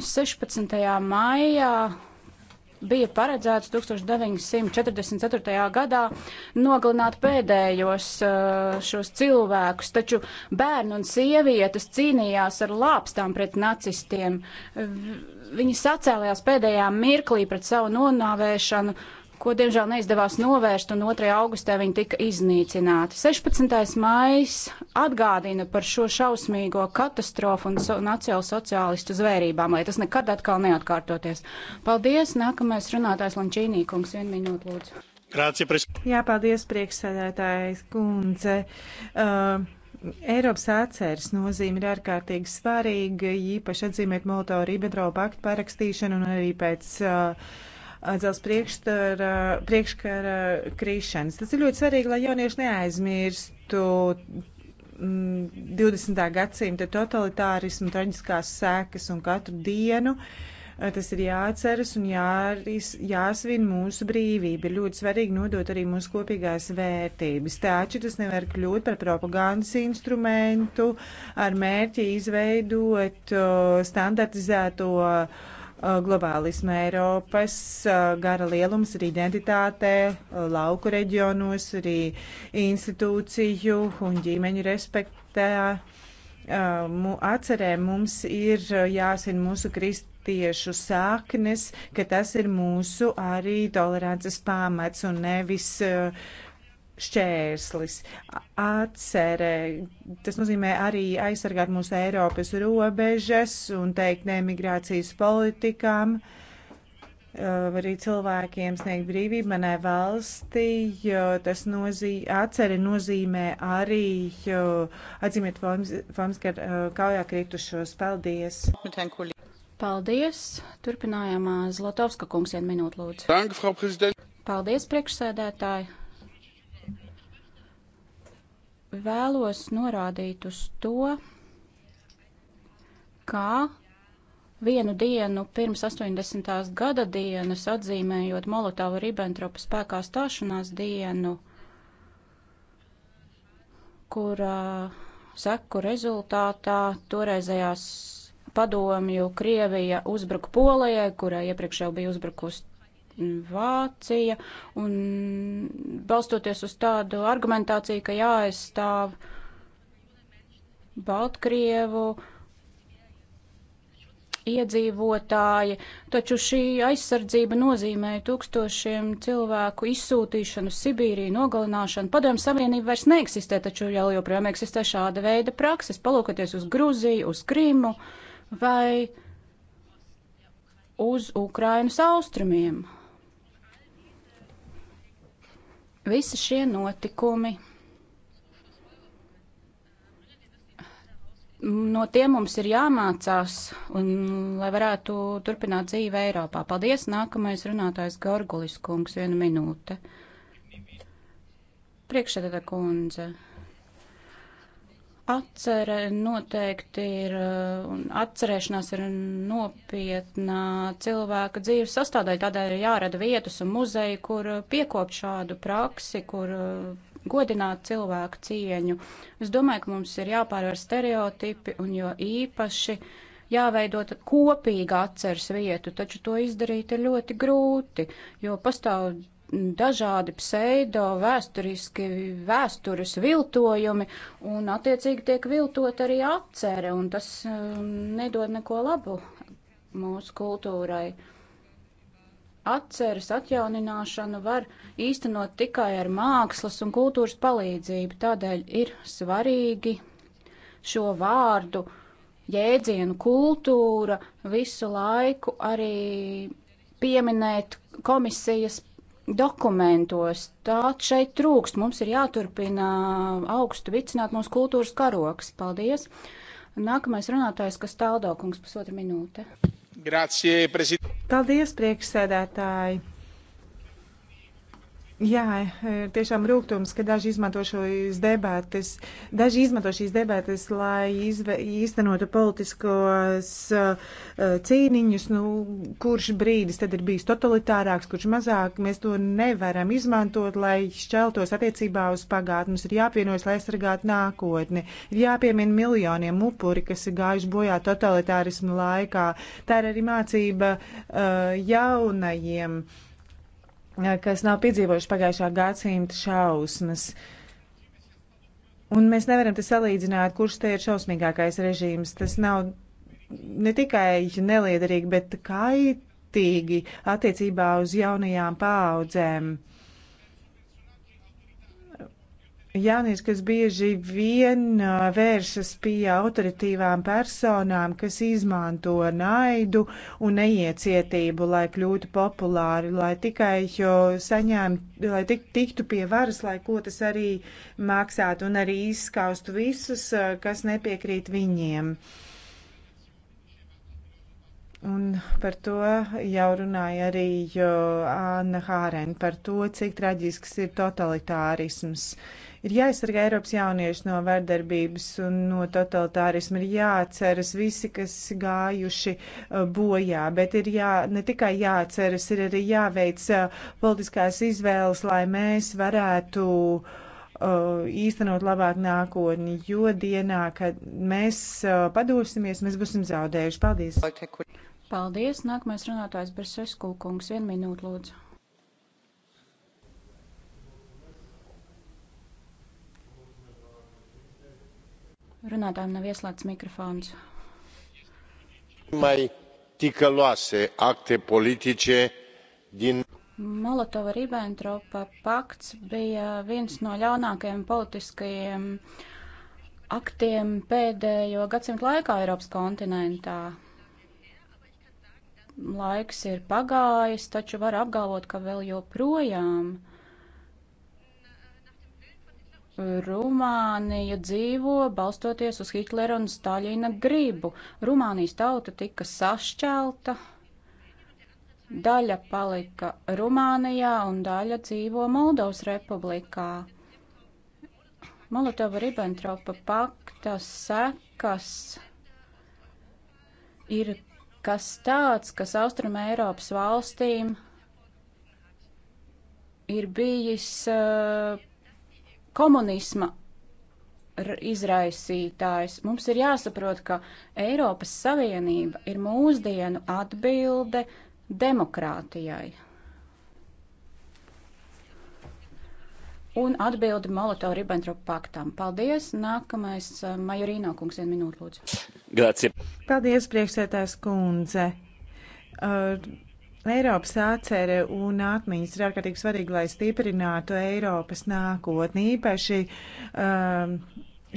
Un 16. maijā bija paredzēts 1944. gadā nogalināt pēdējos eh, šos cilvēkus, taču bērni un sievietes cīnījās ar lāpstām pret nacistiem. Viņi sacēlījās pēdējā mirklī pret savu nonāvēšanu ko diemžēl neizdevās novērst, un 2. augustā viņi tika iznīcināti. 16. maijs atgādina par šo šausmīgo katastrofu un so nacionālu sociālistu zvērībām, lai tas nekad atkal neatkārtoties. Paldies! Nākamais runātājs Lančīnī kungs, vienu minūtu lūdzu. Grācija, pres... Jā, paldies, priekšsēdētājs kundze. Uh, Eiropas atceres nozīme ir ārkārtīgi svarīga, īpaši atzīmēt Molotovu Ribbentropu aktu parakstīšanu un arī pēc uh, Uh, dzels priekškara krīšanas. Tas ir ļoti svarīgi, lai jaunieši neaizmirstu 20. Mm, gadsimta totalitārismu traģiskās sekas un katru dienu. Uh, tas ir jāatceras un jāris, jāsvin mūsu brīvība. Ir ļoti svarīgi nodot arī mūsu kopīgās vērtības. Taču tas nevar kļūt par propagandas instrumentu ar mērķi izveidot uh, standartizēto uh, Uh, globālisma Eiropas uh, gara lielums ir identitāte, uh, lauku reģionos, arī institūciju un ģimeņu respektē. Atcerē mums ir jāsina mūsu kristiešu sāknes, ka tas ir mūsu arī tolerances pamats un nevis šķērslis. Atcerē, tas nozīmē arī aizsargāt mūsu Eiropas robežas un teikt nemigrācijas politikām, uh, arī cilvēkiem sniegt brīvību manai valstī, jo tas nozīmē, atceri nozīmē arī atzīmēt Foms, ka uh, kaujā kritušos. Paldies! Paldies! Turpinājumā Zlatovska kungs vien minūte lūdzu. Dank, Paldies, priekšsēdētāji! vēlos norādīt uz to, kā vienu dienu pirms 80. gada dienas atzīmējot Molotova Ribbentropa spēkā stāšanās dienu, kurā seku rezultātā toreizējās padomju Krievija uzbruka Polijai, kurai iepriekš jau bija uzbrukusi Vācija, un balstoties uz tādu argumentāciju, ka jāaizstāv Baltkrievu iedzīvotāji, taču šī aizsardzība nozīmēja tūkstošiem cilvēku izsūtīšanu Sibīriju, nogalināšanu. Padomju Savienība vairs neeksistē, taču jau joprojām eksistē šāda veida prakses. Palūkoties uz Gruziju, uz Krimu vai uz Ukrainas austrumiem. Visi šie notikumi, no tiem mums ir jāmācās, un, lai varētu turpināt dzīvi Eiropā. Paldies, nākamais runātājs Gorgulis kungs, viena minūte. Priekšsēdētā kundze. Atcere noteikti ir, eh, un atcerēšanās ir nopietnā cilvēka dzīves sastāvdaļa, tādēļ ir jārada vietas un muzeji, kur eh, piekopt šādu praksi, kur eh, godināt cilvēku cieņu. Es domāju, ka mums ir jāpārvar stereotipi un jo īpaši jāveidot kopīga atceres vietu, taču to izdarīt ir ļoti grūti, jo pastāv dažādi pseido vēsturiski vēstures viltojumi, un attiecīgi tiek viltot arī atcere, un tas um, nedod neko labu mūsu kultūrai. Atceres atjaunināšanu var īstenot tikai ar mākslas un kultūras palīdzību, tādēļ ir svarīgi šo vārdu jēdzienu kultūra visu laiku arī pieminēt komisijas dokumentos. Tā šeit trūkst. Mums ir jāturpina augstu vicināt mūsu kultūras karoks. Paldies! Nākamais runātājs, kas tāldokungs, pusotra minūte. Grazie, prezident. Paldies, priekšsēdētāji! Jā, e, tiešām rūgtums, ka daži izmanto šīs debates, daži izmanto šīs debates, lai izve, īstenotu politiskos uh, cīniņus, nu, kurš brīdis tad ir bijis totalitārāks, kurš mazāk. Mēs to nevaram izmantot, lai šķeltos attiecībā uz pagātni. Mums ir jāpienojas, lai aizsargātu nākotni. Ir jāpiemina miljoniem upuri, kas ir gājuši bojā totalitārismu laikā. Tā ir arī mācība uh, jaunajiem. Uh, Eh, kas nav piedzīvojuši pagājušā gadsimta šausmas. Un mēs nevaram te salīdzināt, kurš te ir šausmīgākais režīms. Tas nav ne tikai neliederīgi, bet kaitīgi attiecībā uz jaunajām paaudzēm. Uh, Jaunieši, kas bieži vien vēršas pie autoritīvām personām, kas izmanto naidu un neiecietību, lai kļūtu populāri, lai tikai saņemtu, lai tik, tiktu pie varas, lai ko tas arī maksātu un arī izskaustu visus, kas nepiekrīt viņiem. Uh, Un par to jau runāja arī Anna Hārēna, par to, cik traģisks ir totalitārisms. Ir jāizsargā Eiropas jaunieši no vardarbības un no totalitārisma, ir jāatceras visi, kas gājuši uh, bojā, bet ir jā, ne tikai jāatceras, ir arī jāveic uh, politiskās izvēles, lai mēs varētu uh, īstenot labāk nākotni, jo dienā, kad mēs padosimies, mēs būsim zaudējuši. Paldies! Paldies! Nākamais runātājs Bersesku kungs. Vienu minūtu lūdzu. Runātājiem nav ieslēgts mikrofons. Mai ticăloase acte politice din Molotova-Ribbentropa pakts bija viens no ļaunākajiem politiskajiem aktiem pēdējo gadsimtu laikā Eiropas kontinentā. Laiks ir pagājis, taču var apgalvot, ka vēl joprojām Rumānija dzīvo balstoties uz Hitlera un Staļina gribu. Rumānijas tauta tika sašķelta, daļa palika Rumānijā un daļa dzīvo Moldovas republikā. Molotova-Ribbentropa pakta sekas ir kas tāds, kas Austrum Eiropas valstīm ir bijis uh, komunisma izraisītājs. Mums ir jāsaprot, ka Eiropas Savienība ir mūsdienu atbilde demokrātijai. un atbildi Molotovu-Ribbentropu paktam. Paldies! Nākamais eh, Majorīno kungs, vien minūte, lūdzu. Grācija. Paldies, priekšsētājs kundze. Uh, Eiropas atcere un atmiņas ir ārkārtīgi svarīgi, lai stiprinātu Eiropas nākotni, īpaši um,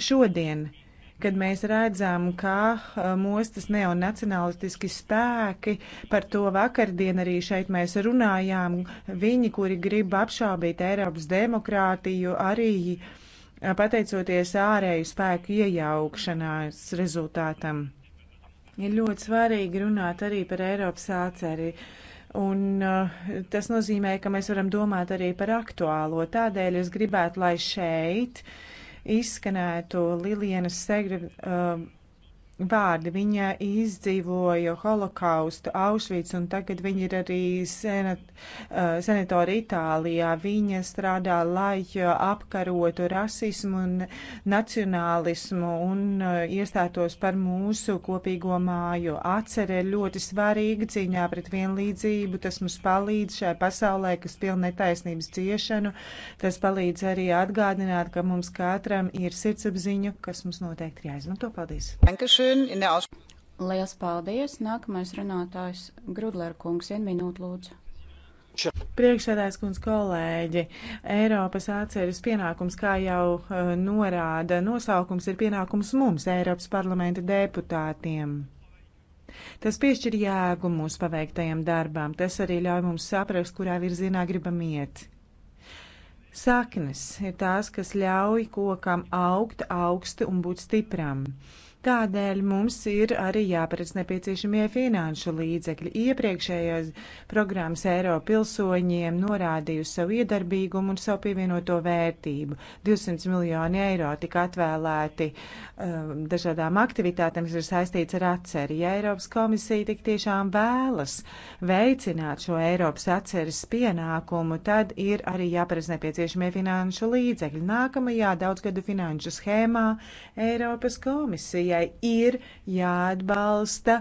šodien. Uh, kad mēs redzam, kā uh, mostas neonacionalistiski spēki, par to vakardien arī šeit mēs runājām, viņi, kuri grib apšābīt Eiropas demokrātiju, arī uh, pateicoties ārēju spēku iejaukšanās rezultātam. Ir ļoti svarīgi runāt arī par Eiropas āceri. Un uh, tas nozīmē, ka mēs varam domāt arī par aktuālo. Tādēļ es gribētu, lai šeit uh, izskanētu Lilienas Segre. Uh, vārdi. Viņa izdzīvoja holokaustu Auschwitz un tagad viņa ir arī senat, uh, eh, senatora Itālijā. Viņa strādā, lai eh, apkarotu rasismu un nacionālismu un uh, iestātos par mūsu kopīgo māju. Atcerē ļoti svarīga cīņā pret vienlīdzību. Tas mums palīdz šajā pasaulē, kas pilna netaisnības ciešanu. Tas palīdz arī atgādināt, ka mums katram ir sirdsapziņa, kas mums noteikti ir jāizmanto. Paldies! Dankeschön. Liels paldies! Nākamais runātājs Grudler kungs, vien minūte lūdzu. Priekšsēdājs kundz kolēģi, Eiropas atceres pienākums, kā jau uh, norāda nosaukums, ir pienākums mums, Eiropas parlamenta deputātiem. Tas piešķir jēgu mūsu paveiktajam darbām, tas arī ļauj mums saprast, kurā virzienā gribam iet. Saknes ir tās, kas ļauj kokam augt augsti un būt stipram. Tādēļ mums ir arī jāparedz nepieciešamie finanšu līdzekļi. Iepriekšējās programmas Eiro pilsoņiem norādījusi savu iedarbīgumu un savu pievienoto vērtību. 200 miljoni eiro tika atvēlēti um, dažādām aktivitātēm, kas ir saistīts ar atceri. Ja Eiropas komisija tik tiešām vēlas veicināt šo Eiropas atceres pienākumu, tad ir arī jāparedz nepieciešamie finanšu līdzekļi. Nākamajā daudzgadu finanšu schēmā Eiropas komisija komisijai ir jāatbalsta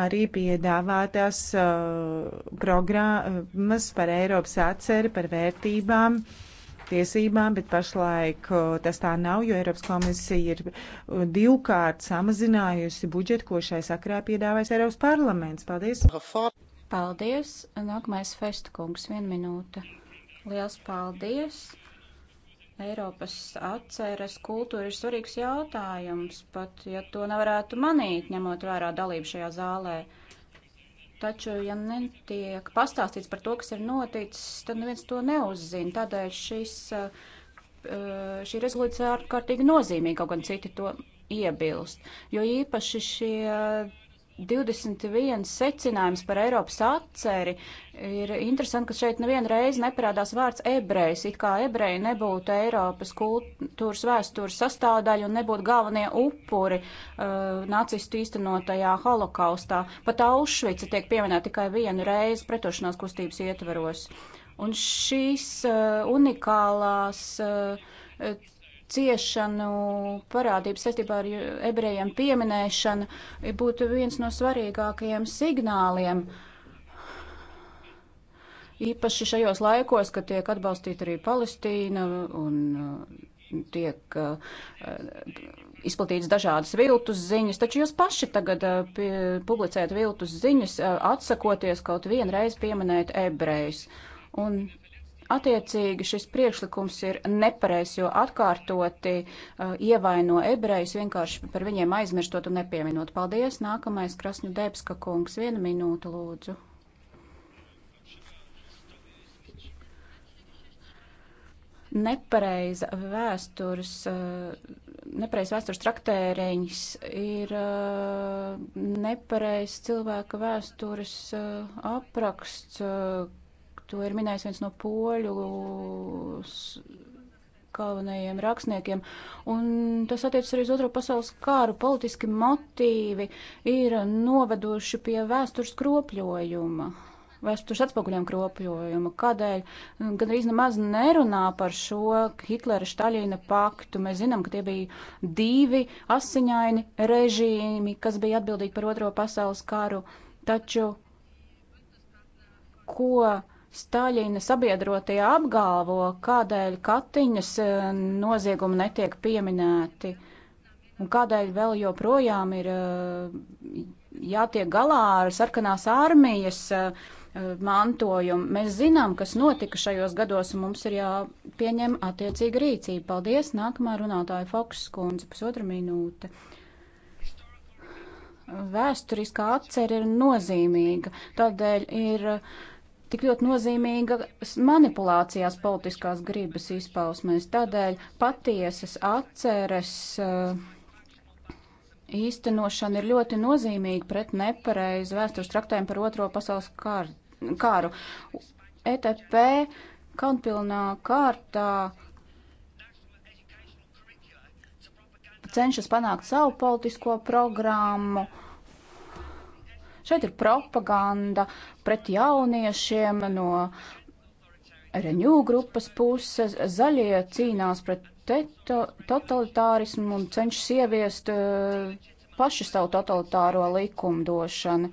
arī piedāvātās uh, programmas par Eiropas atceri, par vērtībām, tiesībām, bet pašlaik uh, tas tā nav, jo Eiropas komisija ir uh, divkārt samazinājusi budžetu, ko šai sakrā piedāvājas Eiropas parlaments. Paldies! Paldies! Nākamais festa kungs, viena minūte. Liels paldies! Eiropas atceras kultūra ir svarīgs jautājums, pat ja to nevarētu manīt, ņemot vērā dalību šajā zālē. Taču, ja netiek pastāstīts par to, kas ir noticis, tad neviens to neuzzina. Tādēļ šis, eh, šī rezolūcija ārkārtīgi nozīmīga, kaut gan citi to iebilst. Jo īpaši šie 21 secinājums par Eiropas atceri. Ir interesanti, ka šeit nevienu reizi neparādās vārds ebrejs, it kā ebreji nebūtu Eiropas kultūras vēstures sastāvdaļa un nebūtu galvenie upuri uh, nacistu īstenotajā holokaustā. Pat Aušvica tiek pieminēta tikai vienu reizi pretošanās kustības ietveros. Un šīs uh, unikālās uh, ciešanu parādību saistībā ar ebrejiem pieminēšanu būtu viens no svarīgākajiem signāliem. Īpaši šajos laikos, kad tiek atbalstīta arī Palestīna un uh, tiek uh, izplatīts dažādas viltus ziņas, taču jūs paši tagad uh, publicējat viltus ziņas, atsakoties kaut vienreiz pieminēt ebrejus. Un Attiecīgi šis priekšlikums ir nepareizs, jo atkārtoti uh, ievaino ebrejus vienkārši par viņiem aizmirstot un nepieminot. Paldies! Nākamais Krasņu Debska kungs. Vienu minūtu lūdzu. Nepareiza vēstures, uh, nepareiz vēstures traktēriņš ir uh, nepareiz cilvēka vēstures uh, apraksts uh, To ir minējis viens no poļu galvenajiem rakstniekiem. Un tas attiecas arī uz otro pasaules kāru. Politiski motīvi ir noveduši pie vēstures kropļojuma. Vēstures atspoguļiem kropļojuma. Kādēļ mm, gan arī nemaz nerunā par šo Hitlera Štaļina paktu? Mēs zinām, ka tie bija divi asiņaini režīmi, kas bija atbildīgi par otro pasaules karu. Taču ko Staļina sabiedrotie apgalvo, kādēļ Katiņas e, noziegumi netiek pieminēti un kādēļ vēl joprojām ir e, jātiek galā ar sarkanās armijas e, mantojumu. Mēs zinām, kas notika šajos gados, un mums ir jāpieņem attiecīga rīcība. Paldies! Nākamā runātāja Fokus skundze, pusotra minūte. Vēsturiskā atcer ir nozīmīga, tādēļ ir uh, tik ļoti nozīmīga manipulācijās politiskās gribas izpausmēs. Tādēļ patiesas atceres uh, īstenošana ir ļoti nozīmīga pret nepareizu vēstures traktēm par otro pasaules kāru. ETP kaunpilnā kārtā cenšas panākt savu politisko programmu Šeit ir propaganda pret jauniešiem no Renew grupas puses. Zaļie cīnās pret teto, totalitārismu un cenšas ieviest uh, paši savu totalitāro likumdošanu.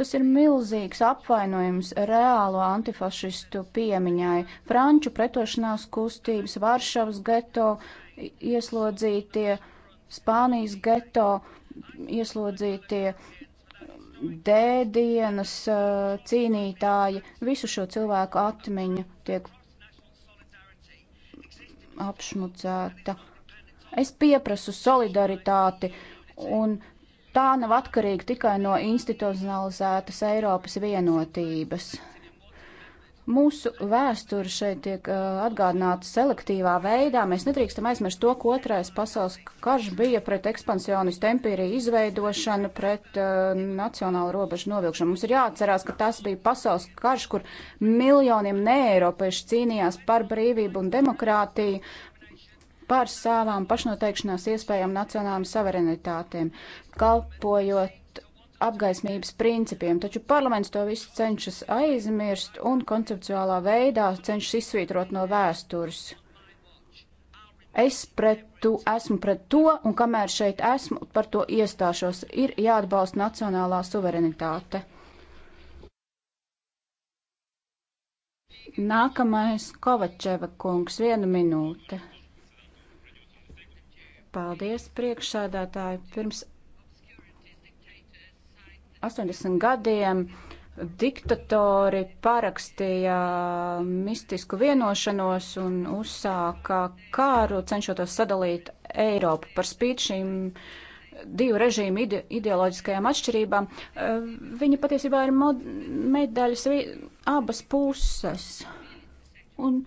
Tas ir milzīgs apvainojums reālo antifašistu piemiņai. Franču pretošanās kustības, Varšavas geto ieslodzītie, Spānijas geto ieslodzītie, dēdienas eh, cīnītāji, visu šo cilvēku atmiņa tiek apšmucēta. Es pieprasu solidaritāti, un tā nav atkarīga tikai no institucionalizētas Eiropas vienotības. Mūsu vēsture šeit tiek uh, atgādināta selektīvā veidā. Mēs nedrīkstam aizmirst to, ka otrais pasaules karš bija pret ekspansionistu empīriju izveidošanu, pret uh, nacionālu robežu novilkšanu. Mums ir jāatcerās, ka tas bija pasaules karš, kur miljoniem neeiropiešu cīnījās par brīvību un demokrātiju, par savām pašnoteikšanās iespējām nacionālām suverenitātēm, kalpojot apgaismības principiem, taču parlaments to visu cenšas aizmirst un konceptuālā veidā cenšas izsvītrot no vēstures. Es pret tu, esmu pret to, un kamēr šeit esmu, par to iestāšos, ir jāatbalsta nacionālā suverenitāte. Nākamais Kovačeva kungs, viena minūte. Paldies, priekšsēdētāji. Pirms 80 gadiem diktatori parakstīja mistisku vienošanos un uzsāka kāru, cenšoties sadalīt Eiropu par spīti šīm divu režīmu ide ideoloģiskajām atšķirībām. Eh, Viņa patiesībā ir medaļas abas puses. Un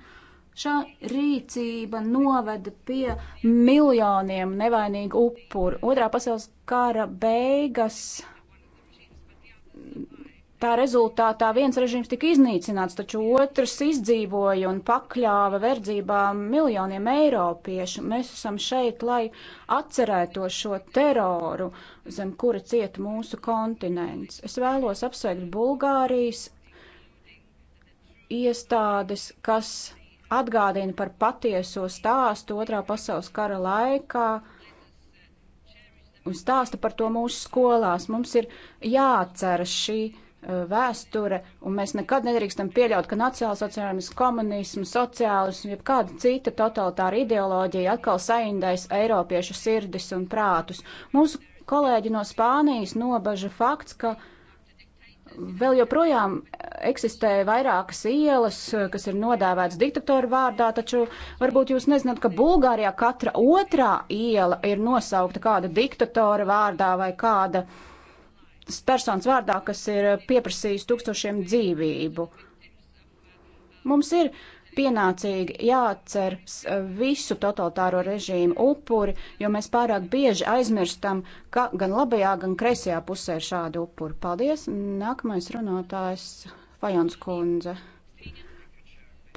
šā rīcība noveda pie miljoniem nevainīgu upuru. Otrā pasaules kara beigas tā rezultātā viens režīms tika iznīcināts, taču otrs izdzīvoja un pakļāva verdzībā miljoniem eiropiešu. Mēs esam šeit, lai atcerēto šo teroru, zem kura ciet mūsu kontinents. Es vēlos apsveikt Bulgārijas iestādes, kas atgādina par patieso stāstu otrā pasaules kara laikā un stāsta par to mūsu skolās. Mums ir jāatceras šī uh, vēsture, un mēs nekad nedrīkstam pieļaut, ka nacionālsociālisms, komunisms, sociālisms, jeb kāda cita totalitāra ideoloģija atkal saindais eiropiešu sirdis un prātus. Mūsu kolēģi no Spānijas nobaža fakts, ka uh, Vēl joprojām eksistē vairākas ielas, kas ir nodēvētas diktatora vārdā, taču varbūt jūs nezināt, ka Bulgārijā katra otrā iela ir nosaukta kāda diktatora vārdā vai kāda personas vārdā, kas ir pieprasījis tūkstošiem dzīvību. Mums ir pienācīgi jāatcer eh, visu totalitāro režīmu upuri, jo mēs pārāk bieži aizmirstam, ka gan labajā, gan kreisajā pusē ir šādi upuri. Paldies! Nākamais runātājs Fajons Kundze.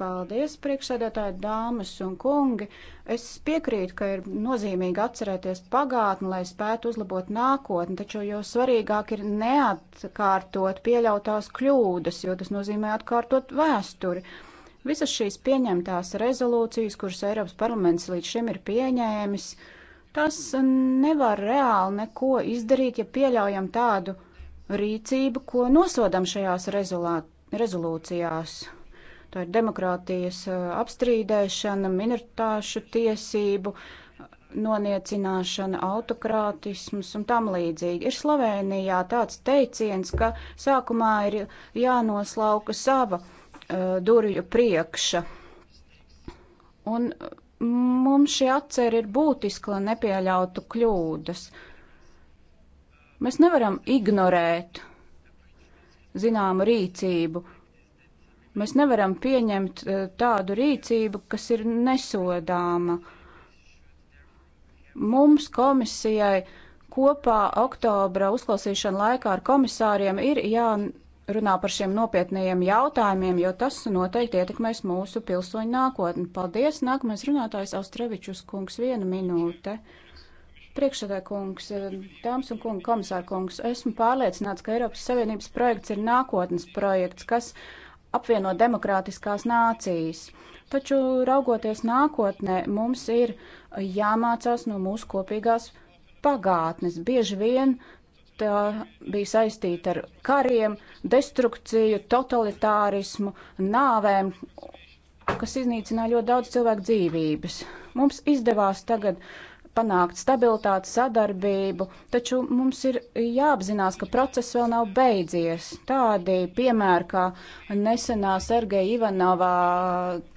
Paldies, priekšsēdētāji, dāmas un kungi! Es piekrītu, ka ir nozīmīgi atcerēties pagātni, lai spētu uzlabot nākotni, taču jau svarīgāk ir neatkārtot pieļautās kļūdas, jo tas nozīmē atkārtot vēsturi. Uh, Visas šīs pieņemtās rezolūcijas, kuras Eiropas parlaments līdz šim ir pieņēmis, tas nevar reāli neko izdarīt, ja pieļaujam tādu rīcību, ko nosodam šajās rezolā, rezolūcijās. Tā ir demokrātijas uh, apstrīdēšana, minoritāšu tiesību noniecināšana, autokrātisms un tam līdzīgi. Ir Slovenijā tāds teiciens, ka sākumā ir jānoslauka sava Uh, durvju priekša. Un mums šī atcer ir būtiska, lai nepieļautu kļūdas. Mēs nevaram ignorēt zināmu rīcību. Mēs nevaram pieņemt uh, tādu rīcību, kas ir nesodāma. Mums komisijai kopā oktobra uzklausīšana laikā ar komisāriem ir jānodrošina runā par šiem nopietniem jautājumiem, jo tas noteikti ietekmēs mūsu pilsoņu nākotni. Paldies! Nākamais runātājs Austrevičus kungs, viena minūte. Priekšsēdē kungs, dāmas un kungi, komisāra kungs, esmu pārliecināts, ka Eiropas Savienības projekts ir nākotnes projekts, kas apvieno demokrātiskās nācijas. Taču, raugoties nākotnē, mums ir jāmācās no mūsu kopīgās pagātnes. Bieži vien uh, tā bija saistīta ar kariem, destrukciju, totalitārismu, nāvēm, kas iznīcināja ļoti daudz cilvēku dzīvības. Mums izdevās tagad panākt stabilitāti, sadarbību, taču mums ir jāapzinās, ka process vēl nav beidzies. Tādi piemēri kā nesenā Sergeja Ivanovā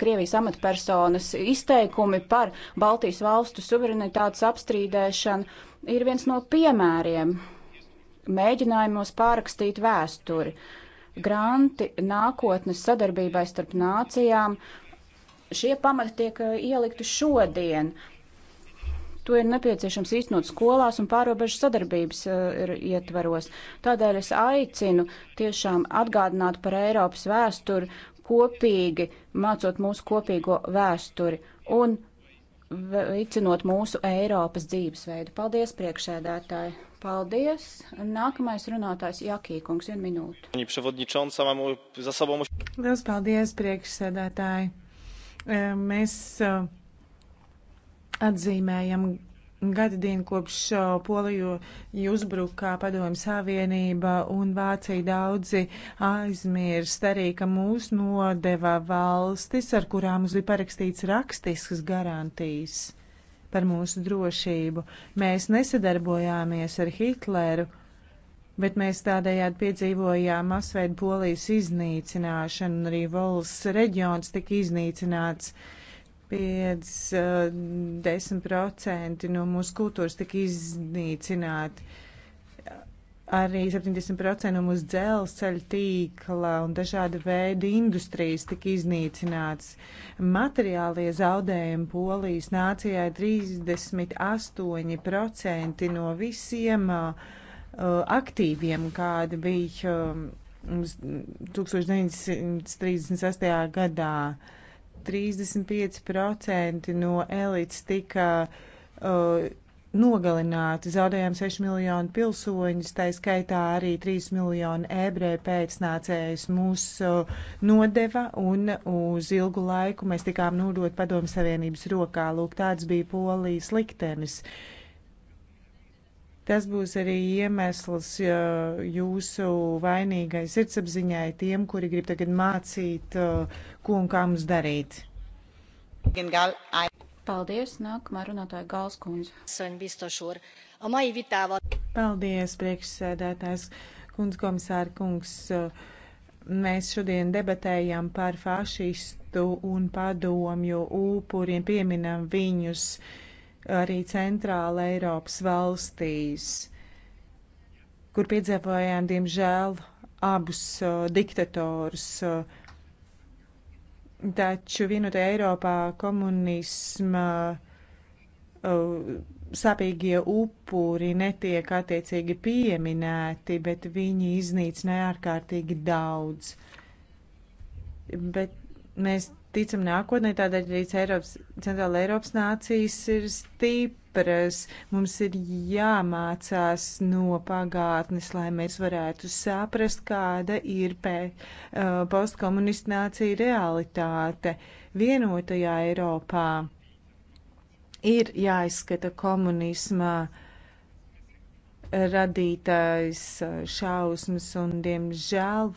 Krievijas amatpersonas izteikumi par Baltijas valstu suverenitātes apstrīdēšanu ir viens no piemēriem mēģinājumos pārrakstīt vēsturi. Granti nākotnes sadarbībai starp nācijām, šie pamati tiek eh, ielikti šodien. To ir nepieciešams īstenot skolās un pārobežu sadarbības uh, eh, ietveros. Tādēļ es aicinu tiešām atgādināt par Eiropas vēsturi kopīgi, mācot mūsu kopīgo vēsturi un veicinot mūsu Eiropas dzīvesveidu. Paldies, priekšēdētāji! Paldies. Nākamais runātājs Jakīkungs, viena minūte. Liels paldies, priekšsēdētāji. E, mēs e, atzīmējam gada dienu kopš e, Poliju uzbrukā Padomju Savienība un Vācija daudzi aizmirst arī, ka mūs nodeva valstis, ar kurām mums bija parakstīts rakstiskas garantijas par mūsu drošību. Mēs nesadarbojāmies ar Hitleru, bet mēs tādējādi piedzīvojām masveidu polijas iznīcināšanu, un arī Vols reģions tika iznīcināts. 5-10% uh, no mūsu kultūras tika iznīcināti. Uh, arī 70% uz dzelzceļa tīkla un dažāda veida industrijas tika iznīcināts. Materiālie zaudējumi polijas nācijai 38% no visiem uh, uh aktīviem, kādi bija uh, um, 1938. gadā. 35% no elites tika uh, nogalināti. Zaudējām 6 miljonu pilsoņus, tā skaitā arī 3 miljonu ebreju pēcnācējus mūs uh, nodeva un uz ilgu laiku mēs tikām nodot padomu savienības rokā. Lūk, tāds bija polijas liktenis. Tas būs arī iemesls jūsu vainīgai sirdsapziņai tiem, kuri grib tagad mācīt, uh, ko un kā mums darīt. Gal, I... Paldies, nākamā runātāja Galskundze. Paldies, priekšsēdētājs kundz komisāra kungs. Mēs šodien debatējam par fašistu un padomju upuriem, pieminam viņus arī centrāla Eiropas valstīs, kur piedzīvojām, diemžēl, abus uh, diktatorus. Uh, Taču vienotajā Eiropā komunisma sāpīgie upuri netiek attiecīgi pieminēti, bet viņi iznīcināja ārkārtīgi daudz. Bet mēs ticam nākotnē, tādēļ arī Eiropas, centrāla Eiropas nācijas ir stipras. Mums ir jāmācās no pagātnes, lai mēs varētu saprast, kāda ir pē, uh, postkomunistu nācija realitāte vienotajā Eiropā. Ir jāizskata komunismā uh, radītājs eh, šausmas, un diemžēl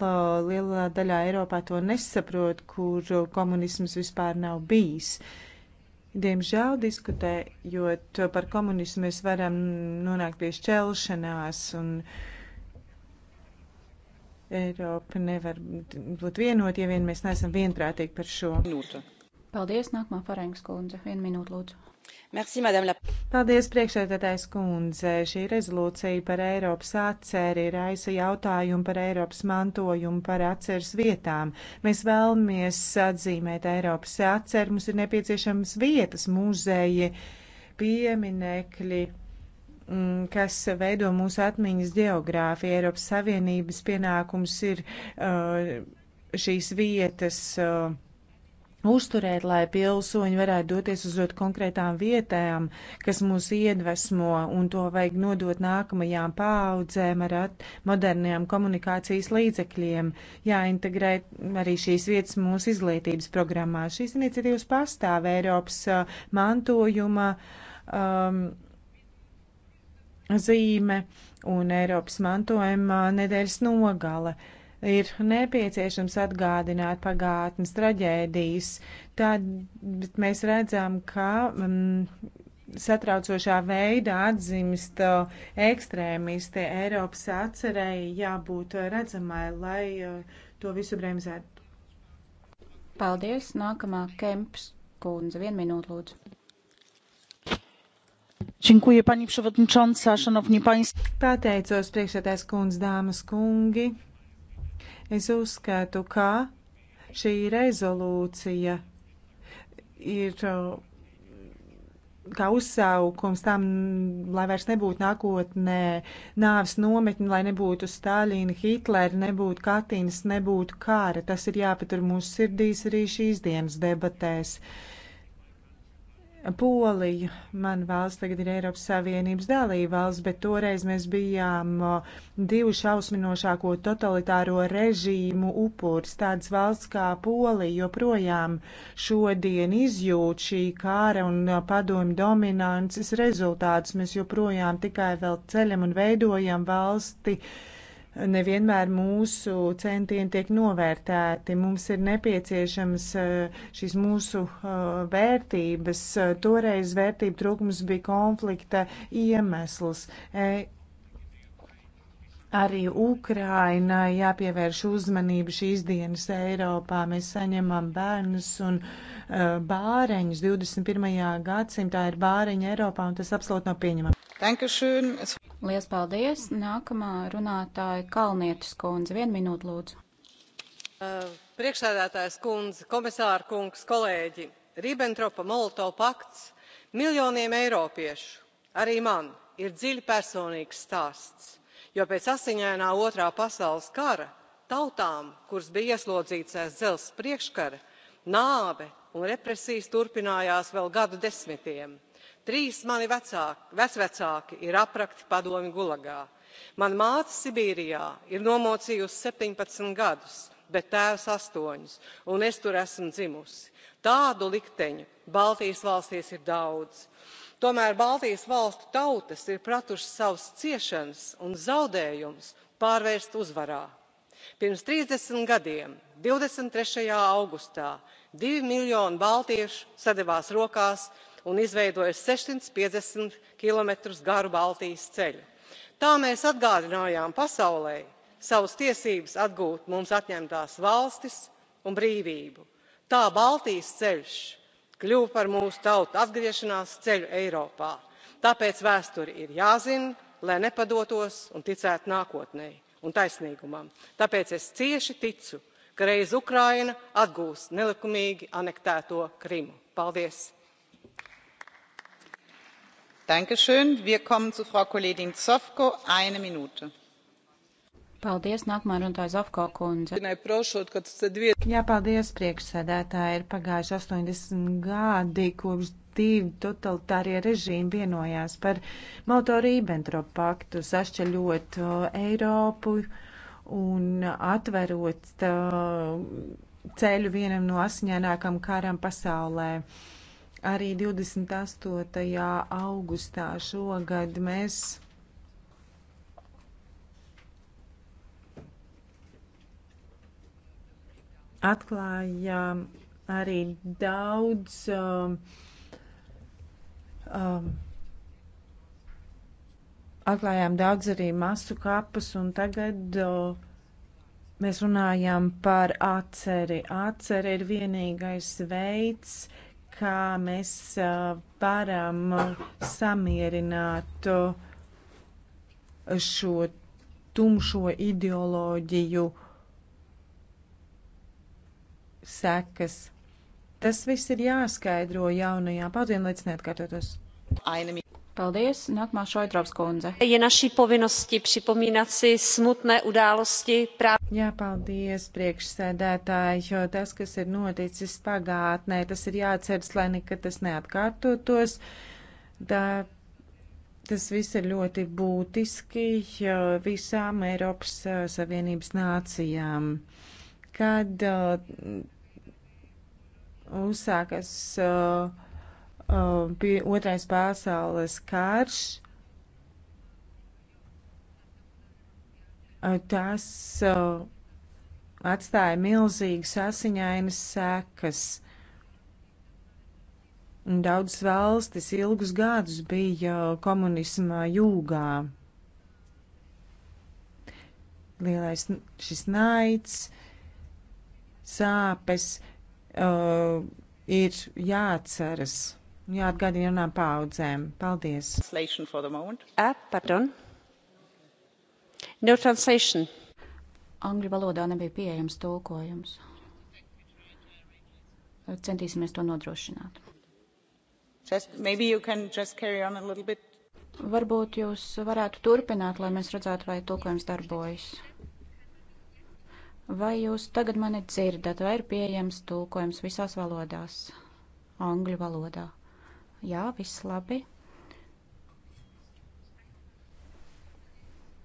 lielā daļā Eiropā to nesaprot, kur komunisms vispār nav bijis. Diemžēl diskutējot par komunismu, mēs varam nonākt pie šķelšanās, un Eiropa nevar būt vienot, ja vien mēs neesam vienprātīgi par šo. Minūte. Paldies, nākamā Farengas kundze. Vienu minūtu, lūdzu. Madam... Paldies, priekšsēdētājs kundze. Šī rezolūcija par Eiropas atcēri raisa jautājumu par Eiropas mantojumu, par atceres vietām. Mēs vēlamies atzīmēt Eiropas atceri, mums ir nepieciešams vietas, muzeji, pieminekļi mm, kas veido mūsu atmiņas geogrāfiju. Eiropas Savienības pienākums ir uh, šīs vietas uh, uzturēt, lai pilsoņi varētu doties uz konkrētām vietām, kas mūs iedvesmo, un to vajag nodot nākamajām paaudzēm ar moderniem komunikācijas līdzekļiem, jāintegrē arī šīs vietas mūsu izglītības programmā. Šīs iniciatīvas pastāv Eiropas uh, mantojuma um, zīme un Eiropas mantojuma uh, nedēļas nogale. Uh, ir nepieciešams atgādināt pagātnes traģēdijas. Tad mēs redzam, ka mm, satraucošā veidā atzimst ekstrēmisti Eiropas atcerēji jābūt redzamai, lai to visu bremzētu. Paldies. Nākamā Kemps kundze. Vienu minūtu lūdzu pani przewodnicząca! szanowni państwo! pateicos priekšsēdētājas kundze dāmas kungi! Es uzskatu, ka šī rezolūcija ir uh, kā uzsaukums tam, lai vairs nebūtu nākotnē nāves nometņi, lai nebūtu Stāļina, Hitlera, nebūtu Katīnas, nebūtu kāra. Tas ir jāpatur mūsu sirdīs arī šīs dienas debatēs. Uh, Polija, man valsts tagad ir Eiropas Savienības dalība valsts, bet toreiz mēs bijām divu šausminošāko totalitāro režīmu upurs. Tāds valsts kā Polija joprojām šodien izjūt šī kāra un padomu dominances rezultātus. Mēs joprojām tikai vēl ceļam un veidojam valsti. Uh, nevienmēr mūsu centieni tiek novērtēti. Mums ir nepieciešams eh, šīs mūsu eh, vērtības. Toreiz vērtību trūkums bija konflikta iemesls. E, arī Ukrainai jāpievērš uzmanība šīs dienas Eiropā. Mēs saņemam bērnus un uh, bāreņus. 21. gadsimtā ir bāreņi Eiropā, un tas absolūti nav pieņemami. Lielas paldies! Nākamā runātāja Kalnietis kundze. Vienu minūtu lūdzu. Priekšsēdētājs kundze, komisāra kungs, kolēģi. Ribbentropa Molotov pakts miljoniem eiropiešu, arī man, ir dziļi personīgs stāsts, jo pēc asiņainā otrā pasaules kara tautām, kuras bija ieslodzītas dzelzs priekškara, nāve un represijas turpinājās vēl gadu desmitiem trīs mani vecvecāki ir aprakti padomju gulagā mana māte sibīrijā ir nomocījusi septiņpadsmit gadus bet tēvs astoņus un es tur esmu dzimusi. tādu likteņu baltijas valstīs ir daudz. tomēr baltijas valstu tautas ir pratušas savas ciešanas un zaudējumus pārvērst uzvarā. pirms trīsdesmit gadiem divdesmit trešajā augustā divi miljoni baltiešu sadevās rokās un izveidoja sešsimt piecdesmit kilometrus garu baltijas ceļu. tā mēs atgādinājām pasaulē savas tiesības atgūt mums atņemtās valstis un brīvību. tā baltijas ceļš kļuva par mūsu tautu atgriešanās ceļu eiropā. tāpēc vēsture ir jāzina lai nepadotos un ticētu nākotnei un taisnīgumam. tāpēc es cieši ticu ka reiz ukraina atgūs nelikumīgi anektēto krimu. paldies! Paldies, nākamā runātāja Zafko kundze. Jā, paldies, priekšsēdētāji. Ir pagājuši 80 gadi, kopš divi totalitārie režīmi vienojās par Mauto-Rībentrop paktu, sašķeļot uh, Eiropu un atverot uh, ceļu vienam no asiņainākam karam pasaulē. Uh, Arī 28. augustā šogad mēs atklājām arī daudz um, um, atklājām daudz arī masu kapus, un tagad o, mēs runājam par atceri. Atceri ir vienīgais veids, kā mēs varam samierināt šo tumšo ideoloģiju sekas. Tas viss ir jāskaidro jaunajā paudzē, lai tas neatkārtotos. Paldies. Nākamā Šoidrovs kundze. Je naší povinnosti připomínat si smutné události právě. Jā, paldies, priekšsēdētāji, jo tas, kas ir noticis pagātnē, tas ir jāatceras, lai nekad tas neatkārtotos. Tā, tas viss ir ļoti būtiski visām Eiropas eh, Savienības nācijām. Kad uh, uzsākas uh, Uh, pie otrais pasaules karš. Uh, tas uh, atstāja milzīgas asiņainas sekas. Daudzas valstis ilgus gadus bija komunismā jūgā. Lielais šis naids, sāpes uh, ir jāatceras. Jāatgādina runām paudzēm. Paldies. Uh, pardon. No translation. Angļu valodā nebija pieejams tulkojums. Centīsimies to nodrošināt. Just, maybe you can just carry on a little bit. Varbūt jūs varētu turpināt, lai mēs redzētu, vai tulkojums darbojas. Vai jūs tagad mani dzirdat, vai ir pieejams tulkojums visās valodās? Angļu valodā. Jā, viss labi.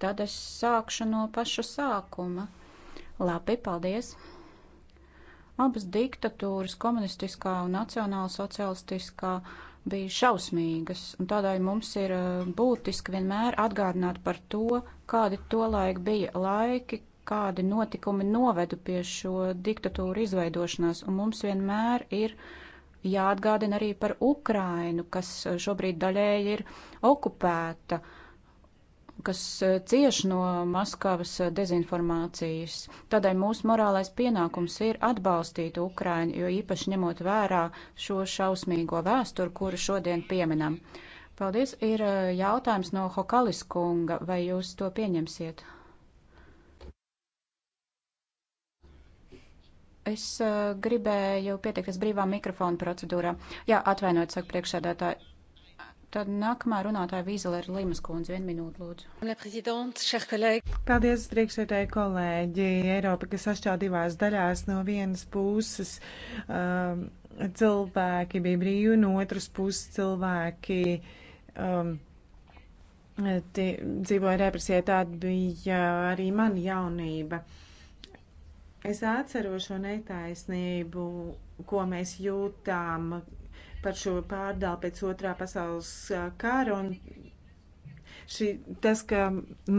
Tad es sākšu no paša sākuma. Labi, paldies. Abas diktatūras, komunistiskā un nacionāla socialistiskā, bija šausmīgas, un tādēļ mums ir eh, būtiski vienmēr atgādināt par to, kādi tolaik bija laiki, kādi notikumi noveda pie šo diktatūru izveidošanās, un mums vienmēr ir uh, jāatgādina arī par Ukrainu, kas eh, šobrīd daļēji ir okupēta, kas eh, cieš no Maskavas eh, dezinformācijas. Tādēļ mūsu morālais pienākums ir atbalstīt Ukrainu, jo īpaši ņemot vērā šo šausmīgo vēsturi, kuru šodien pieminam. Paldies, ir jautājums no Hokalis kunga, vai jūs to pieņemsiet? Es uh, gribēju pieteikties brīvā mikrofona procedūrā. Jā, atvainojiet, saka priekšsēdētāji. Tad nākamā runātāja Vīzela ir Limas kundze. Vienu minūtu, lūdzu. Paldies, priekšsēdētāji kolēģi. Eiropa, kas sašķēl divās daļās no vienas puses. Um, cilvēki bija brīvi, un otras puses cilvēki. Um, Dzīvoja represijā, tāda bija arī mana jaunība. Uh, Es atceros šo netaisnību, ko mēs jūtām par šo pārdalu pēc otrā pasaules uh, kara. Šī, tas, ka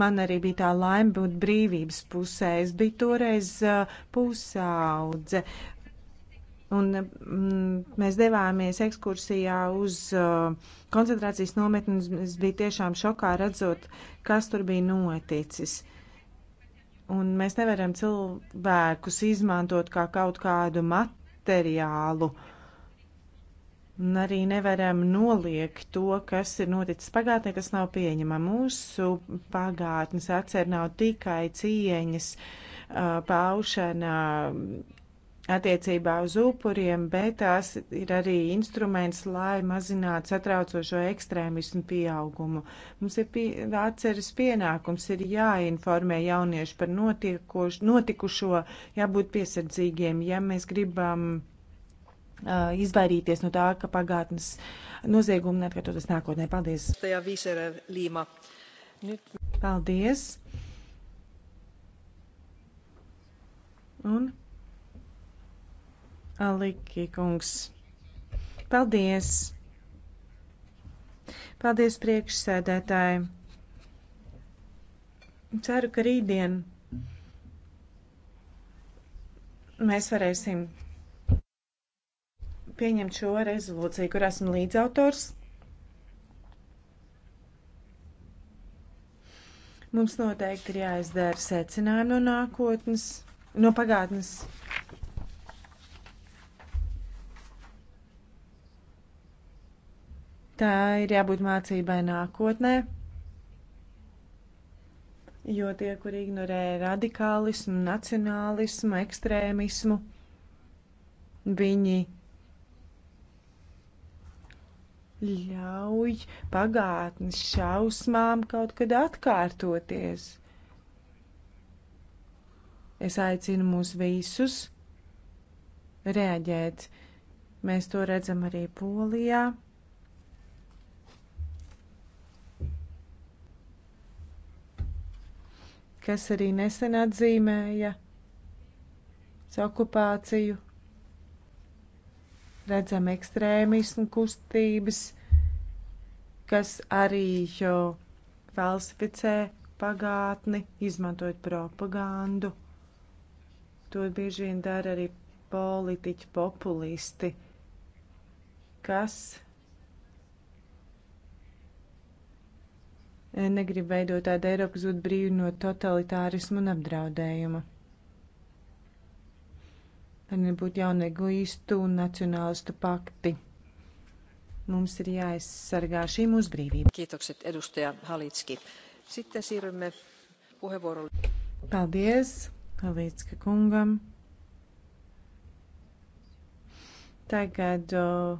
man arī bija tā laime būt brīvības pusē, es biju toreiz uh, pusaudze. Un mm, mēs devāmies ekskursijā uz uh, koncentrācijas nometni. Es biju tiešām šokā redzot, kas tur bija noticis. Uh, Un mēs nevaram cilvēkus izmantot kā kaut kādu materiālu. Un arī nevaram noliegt to, kas ir noticis pagātnē, kas nav pieņemama. Mūsu pagātnes atcer nav tikai cieņas uh, paušana attiecībā uz upuriem, bet tās ir arī instruments, lai mazinātu satraucošo ekstrēmismu pieaugumu. Mums ir pie, atceras pienākums, ir jāinformē jaunieši par notikuš, notikušo, jābūt piesardzīgiem, ja mēs gribam uh, izvairīties no tā, ka pagātnes noziegumi neatkārtotas nākotnē. Paldies! Paldies! Un Aliki kungs. Paldies! Paldies priekšsēdētāji! Ceru, ka rītdien mēs varēsim pieņemt šo rezolūciju, kur esmu līdzautors. Mums noteikti ir jāizdara secinājumi no nākotnes, no pagātnes. Tā ir jābūt mācībai nākotnē, jo tie, kuri ignorē radikālismu, nacionālismu, ekstrēmismu, viņi ļauj pagātnes šausmām kaut kad atkārtoties. Es aicinu mūs visus reaģēt. Mēs to redzam arī Polijā. kas arī nesen atzīmēja okupāciju. Redzam ekstrēmismu kustības, kas arī jau falsificē pagātni, izmantojot propagandu. To bieži vien dara arī politiķi, populisti, kas negrib veidot tādu Eiropu, kas būtu brīva no totalitārismu un apdraudējuma. Lai nebūtu jauni egoistu un nacionālistu pakti. Mums ir jāaizsargā šī mūsu brīvība. Kiitokset, edustaja Halitski. Sitten siirrymme puheenvuorolle. Paldies Halitska kungam. Tagad uh,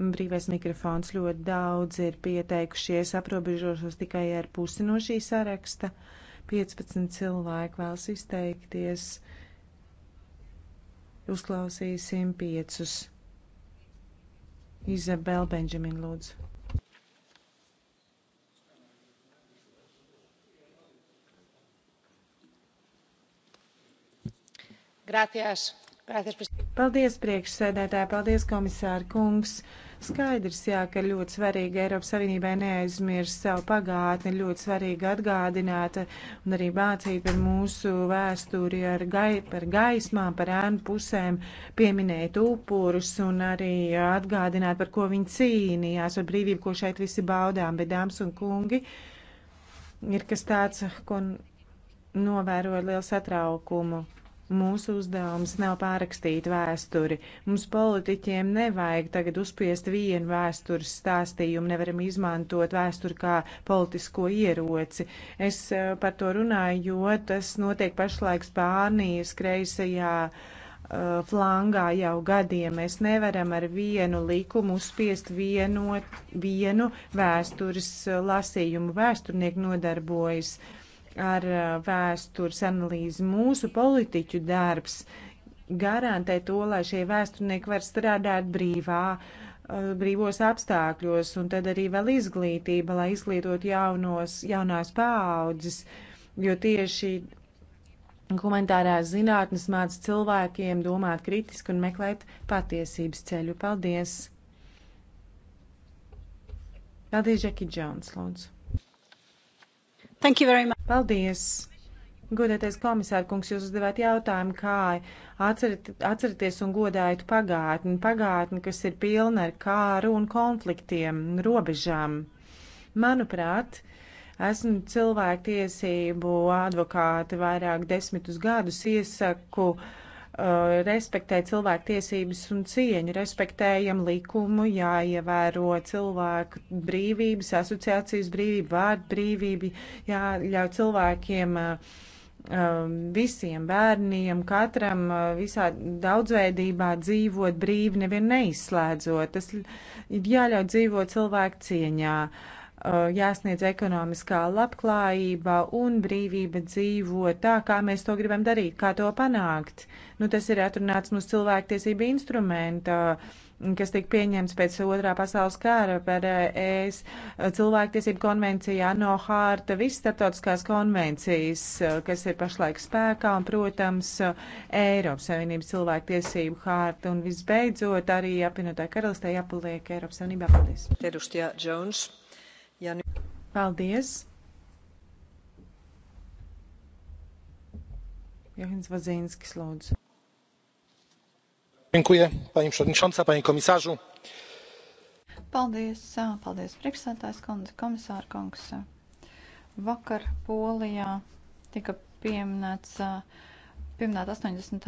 Brīvais mikrofons ļoti daudz ir pieteikušies, aprobežošos tikai ar pusi no šī saraksta. 15 cilvēki vēlas izteikties. Uzklausīsim piecus. Izabela Benžamina lūdzu. Grāties. Grāties. Paldies, priekšsēdētāji, paldies, komisāra kungs. Uh, Skaidrs, jā, ka ļoti svarīgi Eiropas Savienībai neaizmirst savu pagātni, ļoti svarīgi atgādināt un arī mācīt par mūsu vēsturi ar gai, par gaismām, par ēnu pusēm, pieminēt upurus un arī atgādināt, par ko viņi cīnījās, par brīvību, ko šeit visi baudām, bet dāmas un kungi ir kas tāds, ko novēroju ar lielu satraukumu. Mūsu uzdevums nav pārrakstīt vēsturi. Mums politiķiem nevajag tagad uzspiest vienu vēstures stāstījumu, nevaram izmantot vēsturi kā politisko ieroci. Es eh, par to runāju, jo tas notiek pašlaik Spānijas kreisajā eh, flangā jau gadiem. Mēs nevaram ar vienu likumu uzspiest vienot, vienu vēstures eh, lasījumu. Vēsturnieki nodarbojas uh, ar uh, vēstures analīzi mūsu politiķu darbs garantē to, lai šie vēsturnieki var strādāt brīvā, uh, brīvos apstākļos, un tad arī vēl izglītība, lai izglītot jaunos, jaunās paaudzes, jo tieši Humanitārās zinātnes māca cilvēkiem domāt kritiski un meklēt patiesības ceļu. Paldies! Paldies, Džeki Džons, lūdzu! Paldies! Godētais komisārkungs, jūs uzdevāt jautājumu, kā atceraties un godājat pagātni, pagātni, kas ir pilna ar kāru un konfliktiem, robežām. Manuprāt, esmu cilvēktiesību advokāti vairāk desmitus gadus iesaku uh, Uh, respektēt cilvēku tiesības un cieņu, respektējam likumu, jāievēro cilvēku brīvības, asociācijas brīvība, vārdu brīvība, jāļauj cilvēkiem uh, um, visiem bērniem, katram uh, visā daudzveidībā dzīvot brīvi, nevien neizslēdzot. Tas ir jāļauj dzīvot cilvēku cieņā. Uh, Uh, jāsniedz ekonomiskā labklājība un brīvība dzīvot tā, kā mēs to gribam darīt, kā to panākt. Nu, tas ir atrunāts mūsu cilvēktiesība instrumenta, kas tika pieņemts pēc otrā pasaules kara par uh, ES uh, cilvēktiesību konvenciju, ANO hārta, visas starptautiskās konvencijas, kas ir pašlaik spēkā un, protams, Eiropas Savienības cilvēktiesību hārta un visbeidzot arī apvienotā karalistē jāpaliek Eiropas Savienībā. Paldies! Terustijā Jones. Ja nu... Paldies! Johans Wazyński, lūdzu. Dziękuję, pani przewodnicząca, panie komisarzu. Paldies, paldies priekšsētājs kundze, komisāra kungs. Vakar Polijā tika pieminēts, pieminēta 80.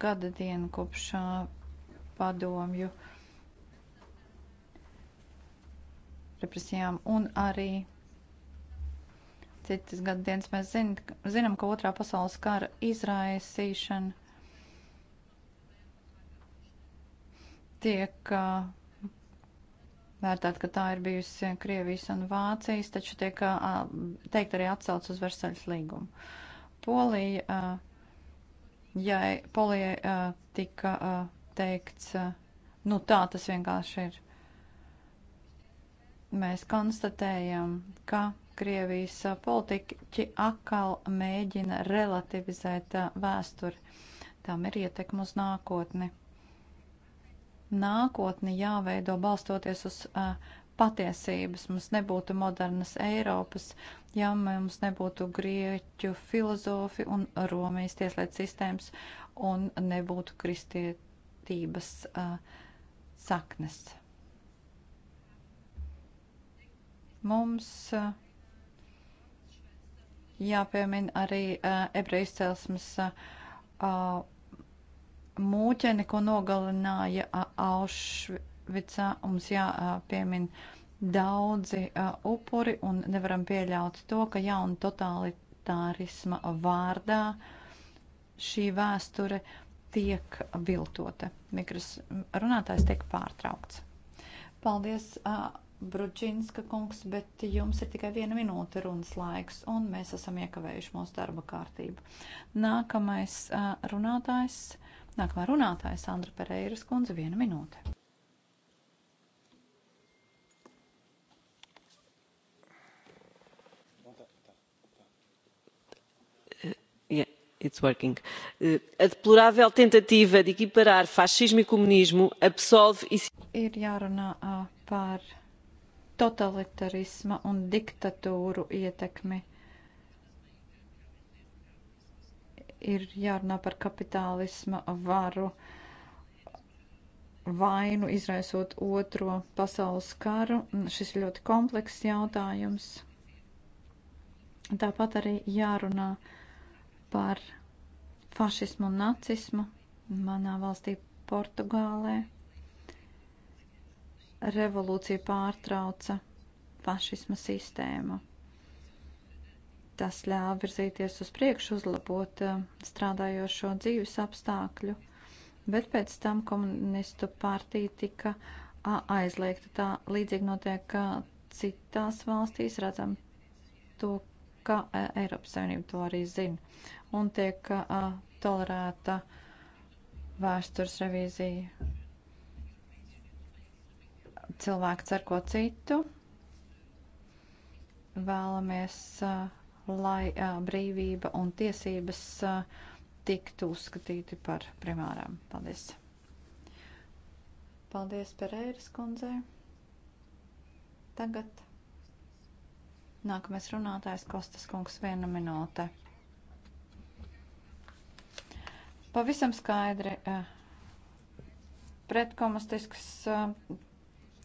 gada diena kopš padomju represijām un arī citas gada dienas. Mēs zin, zinām, ka otrā pasaules kara izraisīšana tiek uh, vērtēt, ka tā ir bijusi Krievijas un Vācijas, taču tiek uh, teikt arī atsauc uz Versaļas līgumu. Polija, uh, ja Polija uh, tika uh, teikts, uh, nu tā tas vienkārši ir mēs konstatējam, ka Krievijas politiķi atkal mēģina relativizēt uh, vēsturi. Tam ir ietekme uz nākotni. Nākotni jāveido balstoties uz uh, patiesības. Mums nebūtu modernas Eiropas, ja mums nebūtu grieķu filozofi un Romijas tieslietu sistēmas un nebūtu kristietības uh, saknes. Mums eh, jāpiemina arī eh, ebreju izcelsmes eh, mūķeni, ko nogalināja Aušvicā. Mums jāpiemina daudzi upuri un nevaram pieļaut to, ka jauna totalitārisma vārdā šī vēsture tiek viltota. Mikros mm, runātājs tiek pārtraukts. Paldies! Uh, Brudžinska kungs, bet jums ir tikai viena minūte runas laiks, un mēs esam iekavējuši mūsu darba kārtību. Nākamais runātājs, nākamā runātājs Sandra Pereiras kundze, viena minūte. Yeah, it's working. Uh, a deplorável tentativa de equiparar fascismo e comunismo absolve e. Ir jārunā par totalitarisma un diktatūru ietekmi. Ir jārunā par kapitālisma varu vainu izraisot otro pasaules karu. Šis ir ļoti komplekss jautājums. Tāpat arī jārunā par fašismu un nacismu manā valstī Portugālē revolūcija pārtrauca fašisma sistēmu. Tas ļāva virzīties uz priekšu, uzlabot eh, strādājošo dzīves apstākļu, bet pēc tam komunistu partija tika aizliegta. Tā līdzīgi notiek citās valstīs, redzam to, ka e, Eiropas Savienība to arī zina, un tiek tolerēta vēstures revīzija cilvēki cer ko citu. Vēlamies, lai brīvība un tiesības tiktu uzskatīti par primārām. Paldies! Paldies Pereiras kundzei. Tagad nākamais runātājs Kostas kungs viena minūte. Pavisam skaidri pretkomunistisks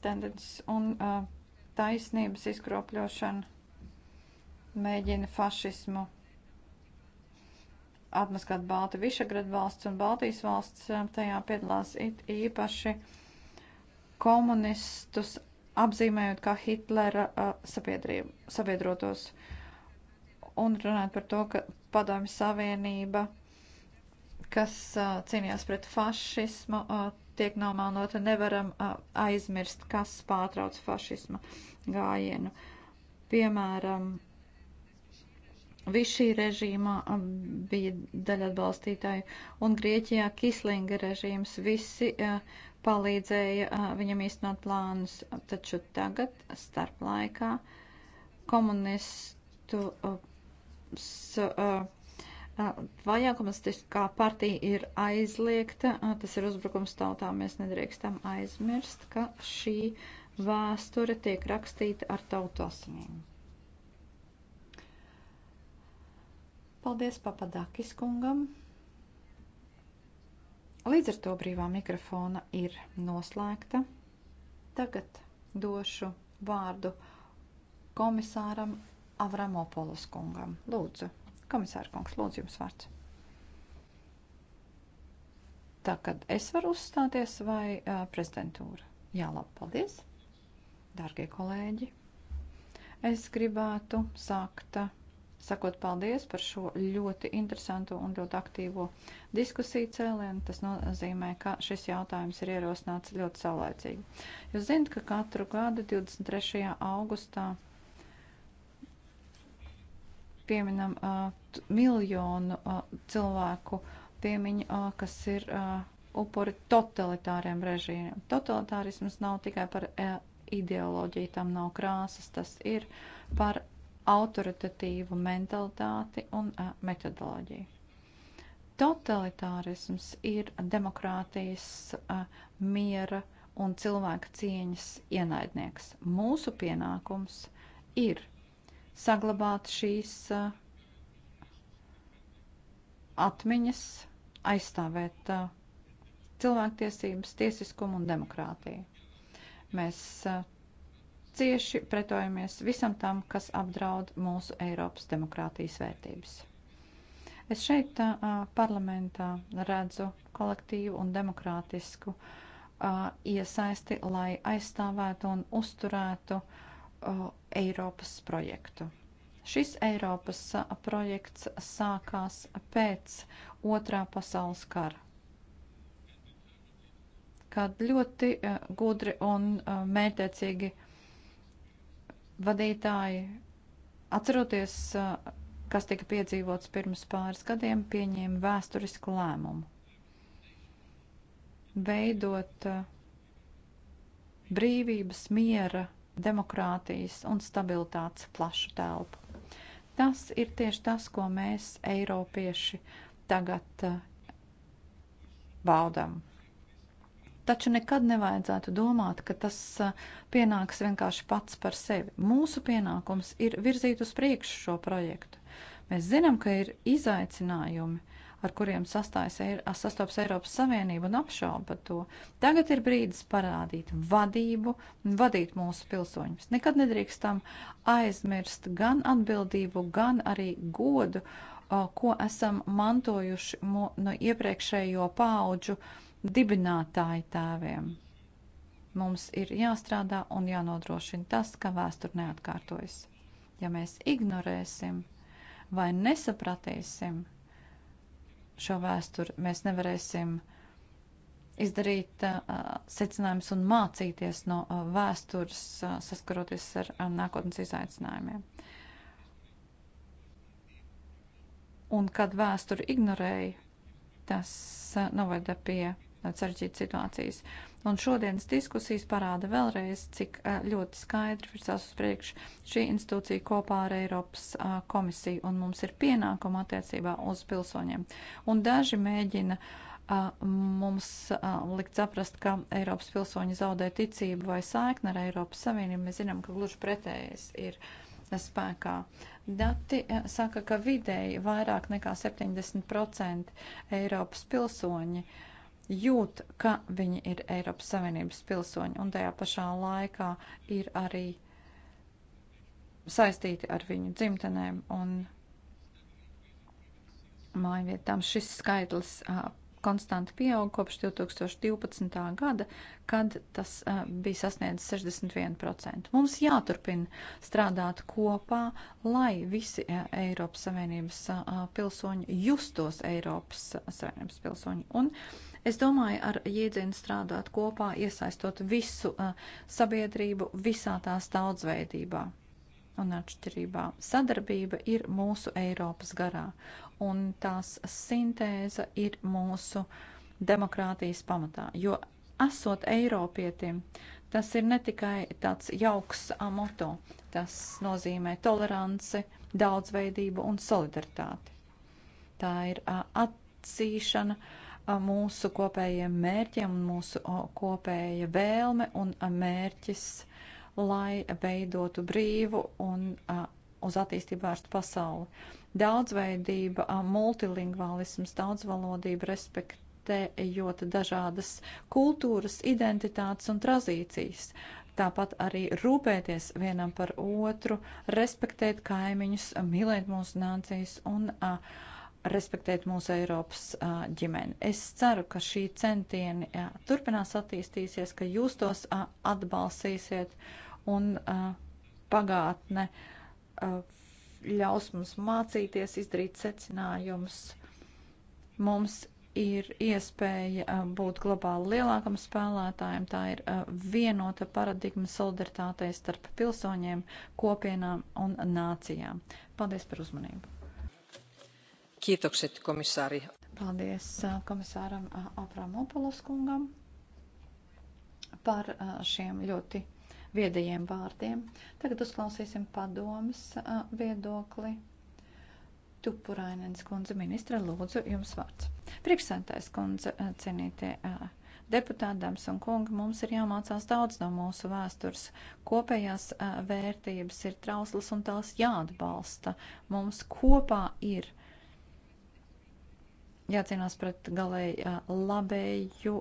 tendences un uh, taisnības izkropļošana mēģina fašismu atmaskāt Balti Višagrad valsts un Baltijas valsts tajā piedalās it īpaši komunistus apzīmējot kā Hitlera uh, sabiedrotos un runāt par to, ka Padomju Savienība kas cīnījās pret fašismu, tiek nomānota. Nevaram aizmirst, kas pārtrauc fašismu gājienu. Piemēram, Višī režīmā bija daļa atbalstītāju, un Grieķijā Kislinga režīms visi palīdzēja viņam īstenot plānus, taču tagad starp laikā komunistu uh, Vajākumistiskā partija ir aizliegta, tas ir uzbrukums tautā, mēs nedrīkstam aizmirst, ka šī vēsture tiek rakstīta ar tautu asinīm. Paldies Papadakis kungam. Līdz ar to brīvā mikrofona ir noslēgta. Tagad došu vārdu komisāram Avramopolos kungam. Lūdzu. Komisāra kungs, lūdzu jums vārds. Tā kad es varu uzstāties vai uh, prezidentūra? Jā, labi, paldies. Dārgie kolēģi, es gribētu sākt sakot paldies par šo ļoti interesantu un ļoti aktīvo diskusiju cēlienu. Tas nozīmē, ka šis jautājums ir ierosināts ļoti saulēcīgi. Jūs zinat, ka katru gadu 23. augustā pieminam uh, miljonu uh, cilvēku piemiņu, uh, kas ir uh, upuri totalitāriem režīmiem. Totalitārisms nav tikai par uh, ideoloģiju, tam nav krāsas, tas ir par autoritatīvu mentalitāti un uh, metodoloģiju. Totalitārisms ir demokrātijas, uh, miera un cilvēka cieņas ienaidnieks. Mūsu pienākums ir saglabāt šīs uh, atmiņas, aizstāvēt uh, cilvēktiesības, tiesiskumu un demokrātiju. Mēs uh, cieši pretojamies visam tam, kas apdraud mūsu Eiropas demokrātijas vērtības. Es šeit parlamentā redzu kolektīvu un demokrātisku iesaisti, lai aizstāvētu un uzturētu uh, Eiropas projektu. Šis Eiropas projekts sākās pēc otrā pasaules kara, kad ļoti gudri un mērķiecīgi vadītāji, atceroties, kas tika piedzīvots pirms pāris gadiem, pieņēma vēsturisku lēmumu veidot brīvības, miera demokrātijas un stabilitātes plašu telpu. Tas ir tieši tas, ko mēs, Eiropieši, tagad eh, baudām. Taču nekad nevajadzētu domāt, ka tas eh, pienāks vienkārši pats par sevi. Mūsu pienākums ir virzīt uz priekšu šo projektu. Mēs zinām, ka ir izaicinājumi, ar kuriem sastājas, sastopas Eiropas Savienība un apšauba to. Tagad ir brīdis parādīt vadību un vadīt mūsu pilsoņus. Nekad nedrīkstam aizmirst gan atbildību, gan arī godu, ko esam mantojuši no iepriekšējo pauģu dibinātāju tēviem. Mums ir jāstrādā un jānodrošina tas, ka vēsture neatkārtojas. Ja mēs ignorēsim vai nesapratīsim, šo vēsturi, mēs nevarēsim izdarīt uh, secinājumus un mācīties no uh, vēstures, uh, saskaroties ar uh, nākotnes izaicinājumiem. Un kad vēsturi ignorēja, tas uh, noveda pie uh, sarežģītas situācijas. Uh, Un šodienas diskusijas parāda vēlreiz, cik eh, ļoti skaidri virsās uz priekšu šī institūcija kopā ar Eiropas eh, komisiju, un mums ir pienākuma attiecībā uz pilsoņiem. Un daži mēģina eh, mums likt saprast, ka Eiropas pilsoņi zaudē ticību vai saikni ar Eiropas Savienību. Mēs zinām, ka gluži pretējais ir spēkā. Dati saka, ka vidēji vairāk nekā 70% Eiropas pilsoņi uh, jūt, ka viņi ir Eiropas Savienības pilsoņi un tajā pašā laikā ir arī saistīti ar viņu dzimtenēm un mājvietām. Šis skaitlis uh, konstanti pieaug kopš 2012. gada, kad tas uh, bija sasniedzis 61%. Mums jāturpina strādāt kopā, lai visi uh, Eiropas Savienības uh, pilsoņi justos Eiropas uh, Savienības pilsoņi. Un, uh, Es domāju, ar jēdzienu strādāt kopā, iesaistot visu uh, sabiedrību visā tās daudzveidībā un atšķirībā. Sadarbība ir mūsu Eiropas garā, un tās sintēze ir mūsu demokrātijas pamatā, jo esot Eiropietim, tas ir ne tikai tāds jauks moto, tas nozīmē toleranci, daudzveidību un solidaritāti. Tā ir atzīšana. Uh, mūsu kopējiem mērķiem un mūsu kopēja vēlme un mērķis, lai veidotu brīvu un uz attīstību vērstu pasauli. Daudzveidība, multilingvālisms, daudzvalodība, respektējot dažādas kultūras, identitātes un trazīcijas. Tāpat arī rūpēties vienam par otru, respektēt kaimiņus, mīlēt mūsu nācijas un uh, respektēt mūsu Eiropas ģimeni. Es ceru, ka šī centieni jā, turpinās attīstīsies, ka jūs tos atbalstīsiet un pagātne ļaus mums mācīties, izdarīt secinājumus. Mums ir iespēja būt globāli lielākam spēlētājam. Tā ir vienota paradigma solidaritātei starp pilsoņiem, kopienām un nācijām. Paldies par uzmanību! Kiitokset, komisāri. Paldies komisāram Apramopulas kungam par šiem ļoti viedajiem vārdiem. Tagad uzklausīsim padomas viedokli. Tupurainens kundze ministra, lūdzu, jums vārds. Priekšsētājs kundze, cienītie deputātams un kungi, mums ir jāmācās daudz no mūsu vēstures. Kopējās vērtības ir trauslas un tās jāatbalsta. Mums kopā ir jācīnās pret galēji labēju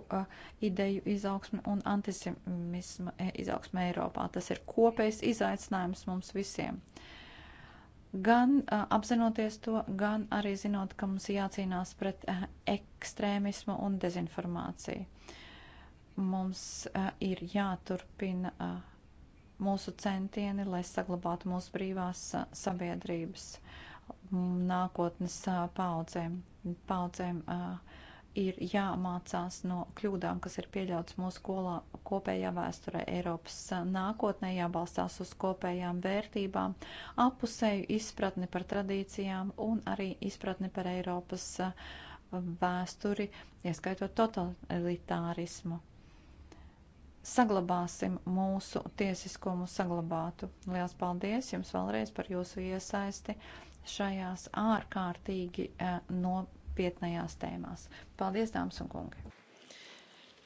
ideju izaugsmu un antisemismu e, izaugsmu Eiropā. Tas ir kopējs izaicinājums mums visiem. Gan apzinoties to, gan arī zinot, ka mums jācīnās pret ekstrēmismu un dezinformāciju. Mums ir jāturpina mūsu centieni, lai saglabātu mūsu brīvās sabiedrības nākotnes paudzēm paudzēm ir jāmācās no kļūdām, kas ir pieļautas mūsu skolā, kopējā vēsturē Eiropas nākotnē, jābalstās uz kopējām vērtībām, apusēju izpratni par tradīcijām un arī izpratni par Eiropas vēsturi, ieskaitot totalitārismu saglabāsim mūsu tiesiskumu saglabātu. Lielas paldies jums vēlreiz par jūsu iesaisti šajās ārkārtīgi e, nopietnajās tēmās. Paldies, dāmas un kungi!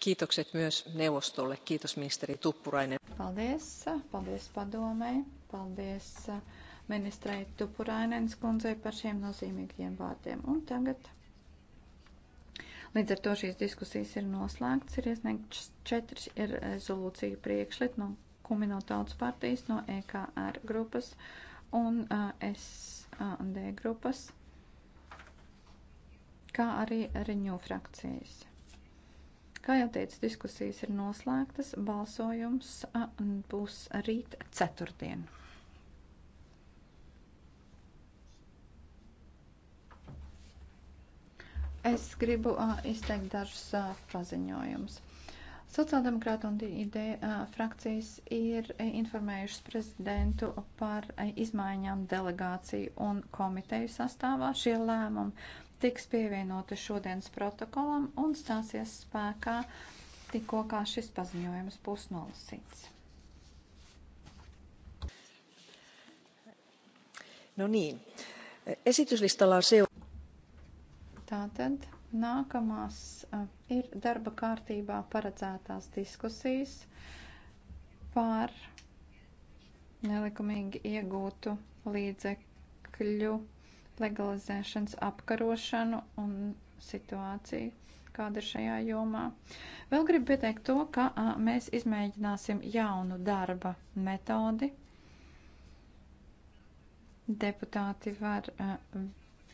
Kiitokset myös neuvostolle. Kiitos ministeri Tuppurainen. Paldies, paldies padomei, paldies ministrei Tuppurainens kundzei par šiem nozīmīgiem vārdiem. Un tagad. Līdz ar to šīs diskusijas ir noslēgts, ir iesniegts četri rezolūciju priekšlit no Kumino tautas partijas, no EKR grupas un S un D grupas, kā arī riņu frakcijas. Kā jau teicu, diskusijas ir noslēgtas, balsojums būs rīt ceturtdien. Es gribu uh, izteikt dažus uh, paziņojumus. Sociāldemokrāta un ideja frakcijas ir informējušas prezidentu par izmaiņām delegāciju un komiteju sastāvā. Šie lēmumi tiks pievienoti šodienas protokolam un stāsies spēkā tikko kā šis paziņojums būs nolasīts. No niin. Esityslistalla on seuraava. Tātad Nākamās ir darba kārtībā paredzētās diskusijas par nelikumīgi iegūtu līdzekļu legalizēšanas apkarošanu un situāciju, kāda ir šajā jomā. Vēl gribu pieteikt to, ka a, mēs izmēģināsim jaunu darba metodi. Deputāti var a,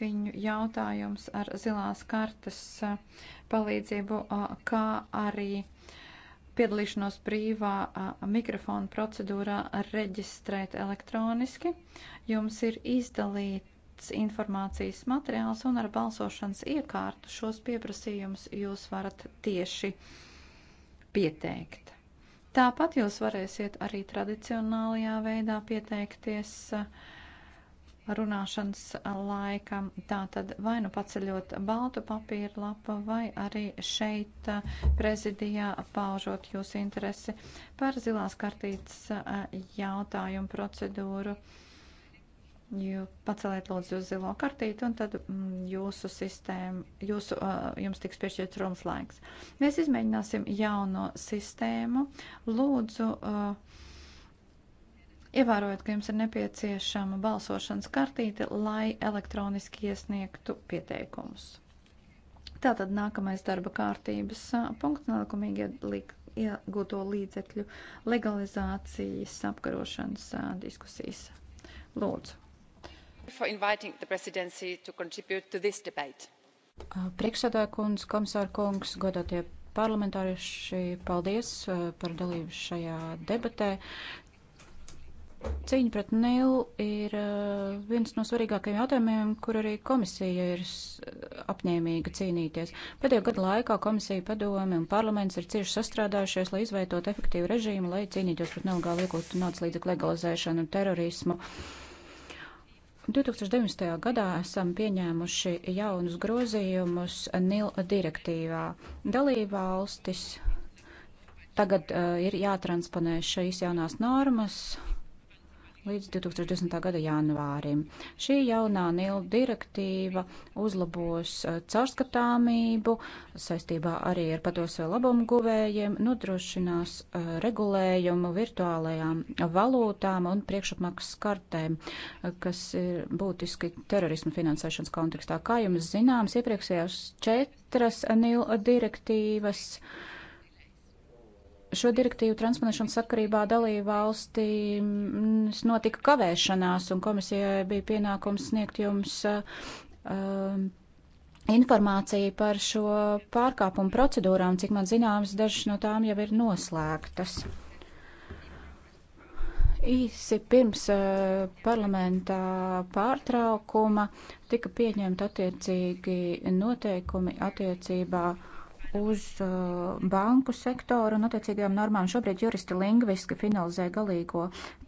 viņu jautājums ar zilās kartas eh, palīdzību, kā arī piedalīšanos brīvā mikrofona procedūrā reģistrēt elektroniski. Jums ir izdalīts informācijas materiāls un ar balsošanas iekārtu šos pieprasījumus jūs varat tieši pieteikt. Tāpat jūs varēsiet arī tradicionālajā veidā pieteikties uh, runāšanas laikam. Tātad vai nu paceļot baltu papīra lapu, vai arī šeit eh, prezidijā paužot jūsu interesi par zilās kartītes eh, jautājumu procedūru. Jū, paceliet lūdzu uz zilo kartīti, un tad mm, jūsu sistēma, jūsu, uh, jums tiks piešķirts runas laiks. Mēs izmēģināsim jauno sistēmu. Lūdzu, uh, Ievērojot, ka jums ir nepieciešama balsošanas kartīte, lai elektroniski iesniegtu pieteikumus. Tātad nākamais darba kārtības punkts nelikumīgi iegūto līdzekļu legalizācijas apkarošanas diskusijas. Lūdzu. Priekšsēdētāja kundze, komisāra kungs, godātie parlamentārieši, paldies par dalību šajā debatē. Cīņa pret Nilu ir eh, viens no svarīgākajiem jautājumiem, kur arī komisija ir apņēmīga cīnīties. Pēdējo gadu laikā komisija padome un parlaments ir cieši sastrādājušies, lai izveidot efektīvu režīmu, lai cīnītos pret nelegālu iegūtu naudas līdzekļu legalizēšanu un terorismu. 2019. gadā esam pieņēmuši jaunus grozījumus NIL direktīvā. Dalībvalstis tagad uh, ir jātransponē šīs jaunās normas līdz 2020. gada janvārim. Šī jaunā NIL direktīva uzlabos eh, caurskatāmību saistībā arī ar pados labumu guvējiem, nodrošinās eh, regulējumu virtuālajām valūtām un priekšapmaksas kartēm, eh, kas ir būtiski terorismu finansēšanas kontekstā. Kā jums zināms, iepriekšējās četras NIL direktīvas. Uh, šo direktīvu transponēšanas sakarībā dalību valstīs notika kavēšanās, un komisijai bija pienākums sniegt jums uh, um, informāciju par šo pārkāpumu procedūrām. Cik man zināms, dažas no tām jau ir noslēgtas. Īsi pirms uh, parlamentā pārtraukuma tika pieņemta attiecīgi noteikumi attiecībā uh, uz uh, banku sektoru un attiecīgajām normām. Šobrīd juristi lingviski finalizē galīgo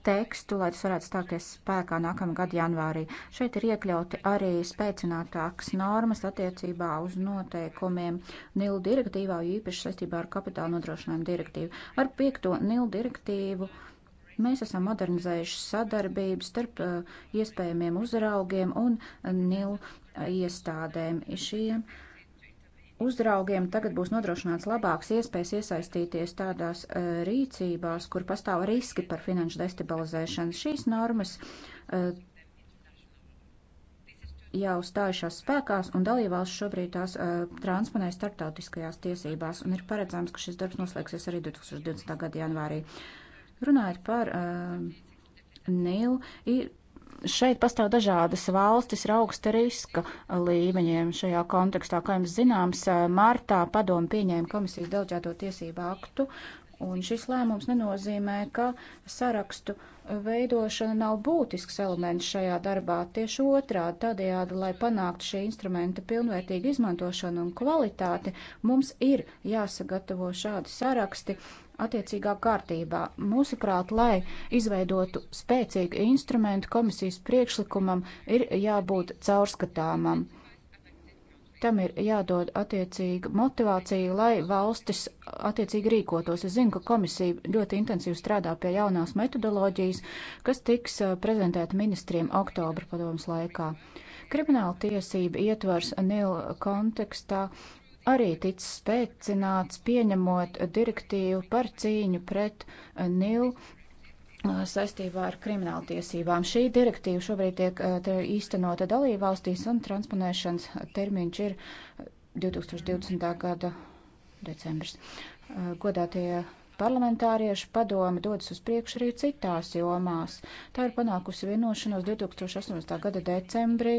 tekstu, lai tas varētu stāties spēkā nākamgad janvārī. Šeit ir iekļauti arī spēcinātākas normas attiecībā uz noteikumiem NIL direktīvā, īpaši saistībā ar kapitāla nodrošinājumu direktīvu. Ar piekto NIL direktīvu. Mēs esam modernizējuši sadarbību starp uh, iespējamiem uzraugiem un uh, NIL uh, iestādēm. Šiem uh, Uzraugiem tagad būs nodrošināts labāks iespējas iesaistīties tādās uh, rīcībās, kur pastāv riski par finanšu destabilizēšanu. Šīs normas uh, jau stājušās spēkās, un dalībvalsts šobrīd tās uh, transponē starptautiskajās tiesībās, un ir paredzams, ka šis darbs noslēgsies arī 2020. gada janvārī. Runājot par uh, NIL, ir Šeit pastāv dažādas valstis ar augsta riska līmeņiem šajā kontekstā. Kā jums zināms, martā padomu pieņēma komisijas delģēto tiesību aktu, un šis lēmums nenozīmē, ka sarakstu veidošana nav būtisks elements šajā darbā. Tieši otrādi tādējādi, lai panāktu šī instrumenta pilnvērtīgu izmantošanu un kvalitāti, mums ir jāsagatavo šādi saraksti attiecīgā kārtībā. Mūsuprāt, lai izveidotu spēcīgu instrumentu komisijas priekšlikumam, ir jābūt caurskatāmam. Tam ir jādod attiecīga motivācija, lai valstis attiecīgi rīkotos. Es zinu, ka komisija ļoti intensīvi strādā pie jaunās metodoloģijas, kas tiks uh, prezentēta ministriem oktobra padomas laikā. Krimināla tiesība ietvars NIL kontekstā arī ticis spēcināts, pieņemot direktīvu par cīņu pret eh, NIL eh, saistībā ar krimināltiesībām. Šī direktīva šobrīd tiek eh, īstenota dalībvalstīs un transponēšanas termiņš ir 2020. gada decembris. Godātie parlamentārieši padomi dodas uz priekšu arī citās jomās. Tā ir panākusi vienošanos 2018. gada decembrī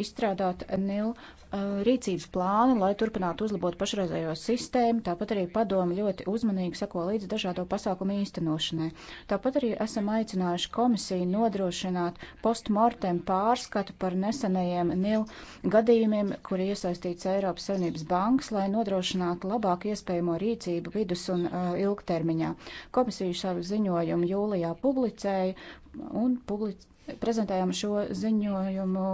izstrādāt NIL uh, rīcības plānu, lai turpinātu uzlabot pašreizējo sistēmu. Tāpat arī padomi ļoti uzmanīgi seko līdz dažādo pasākumu īstenošanai. Tāpat arī esam aicinājuši komisiju nodrošināt postmortem pārskatu par nesenajiem NIL gadījumiem, kur iesaistīts Eiropas Savienības banks, lai nodrošinātu labāku iespējamo rīcību vidus un uh, ilgtermiņā. Komisija savu ziņojumu jūlijā publicēja un public prezentējām šo ziņojumu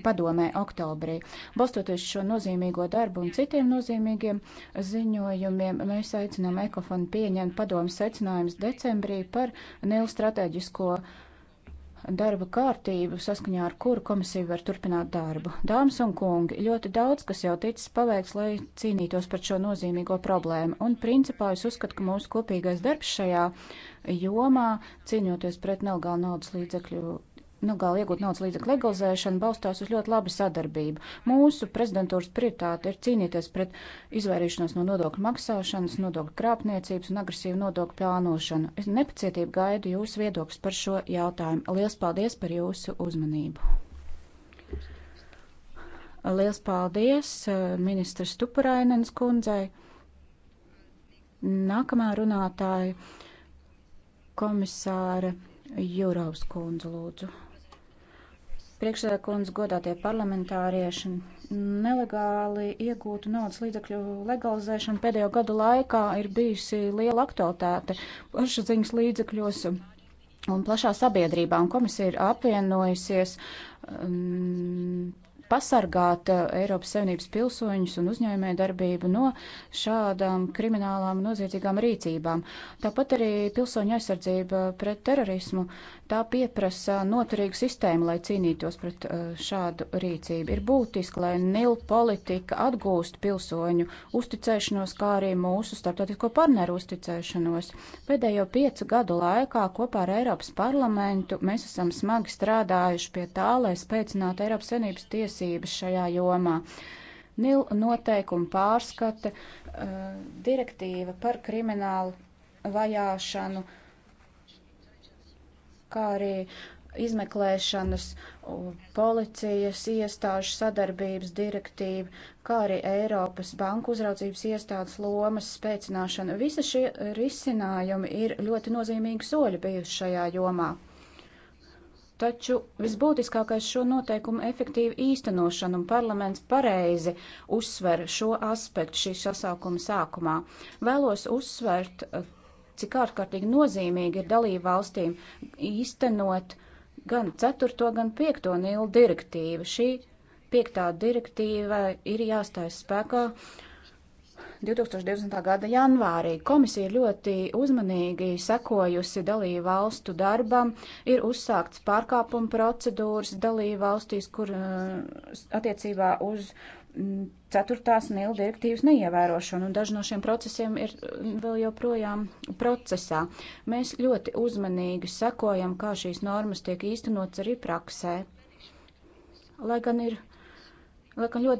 padomē oktobrī. Balstoties šo nozīmīgo darbu un citiem nozīmīgiem ziņojumiem, mēs aicinām Ekofonu pieņemt padomu secinājumus decembrī par nelu strateģisko darba kārtību, saskaņā ar kuru komisija var turpināt darbu. Dāmas un kungi, ļoti daudz, kas jau ticis paveikts, lai cīnītos par šo nozīmīgo problēmu, un principā es uzskatu, ka mūsu kopīgais darbs šajā jomā, cīņoties pret nelegālu naudas līdzekļu nu, gal iegūt naudas līdzekļu legalizēšana balstās uz ļoti labu sadarbību. Mūsu prezidentūras prioritāte ir cīnīties pret izvairīšanos no nodokļu maksāšanas, nodokļu krāpniecības un agresīvu nodokļu plānošanu. Es nepacietību gaidu jūsu viedokļus par šo jautājumu. Lielas paldies par jūsu uzmanību! Liels paldies eh, ministrs Tupurainens kundzei. Nākamā runātāja komisāra Jurovs kundze lūdzu priekšsēdētājs, godātie parlamentārieši. Nelegāli iegūtu naudas līdzekļu legalizēšana pēdējo gadu laikā ir bijusi liela aktualitāte plašsaziņas līdzekļos un plašā sabiedrībā, un komisija ir apvienojusies. Um, pasargāt uh, Eiropas Savienības pilsoņus un uzņēmē darbību no šādām kriminālām noziedzīgām rīcībām. Tāpat arī pilsoņu aizsardzība pret terorismu, tā pieprasa noturīgu sistēmu, lai cīnītos pret uh, šādu rīcību. Ir būtiski, lai nil politika atgūst pilsoņu uzticēšanos, kā arī mūsu starptautisko partneru uzticēšanos. Pēdējo piecu gadu laikā kopā ar Eiropas parlamentu mēs esam smagi strādājuši pie tā, lai spēcinātu Eiropas Savienības tiesību tiesības šajā jomā. NIL noteikumu pārskata, uh, direktīva par kriminālu vajāšanu, kā arī izmeklēšanas policijas iestāžu sadarbības direktīva, kā arī Eiropas banku uzraudzības iestādes lomas spēcināšana. Visi šie risinājumi ir ļoti nozīmīgi soļi bijuši šajā jomā. Taču visbūtiskākais šo noteikumu efektīvu īstenošanu un parlaments pareizi uzsver šo aspektu šī sasaukuma sākumā. Vēlos uzsvert, cik ārkārtīgi nozīmīgi ir dalību valstīm īstenot gan 4. gan 5. nilu direktīvu. Šī 5. direktīva ir jāstājas spēkā 2020. gada janvārī. Komisija ļoti uzmanīgi sekojusi dalību valstu darbam, ir uzsākts pārkāpuma procedūras dalību valstīs, kur eh, attiecībā uz mm, ceturtās nila direktīvas neievērošanu, un daži no šiem procesiem ir mm, vēl joprojām procesā. Mēs ļoti uzmanīgi sekojam, kā šīs normas tiek īstenots arī praksē. Lai gan ir Lai gan ļoti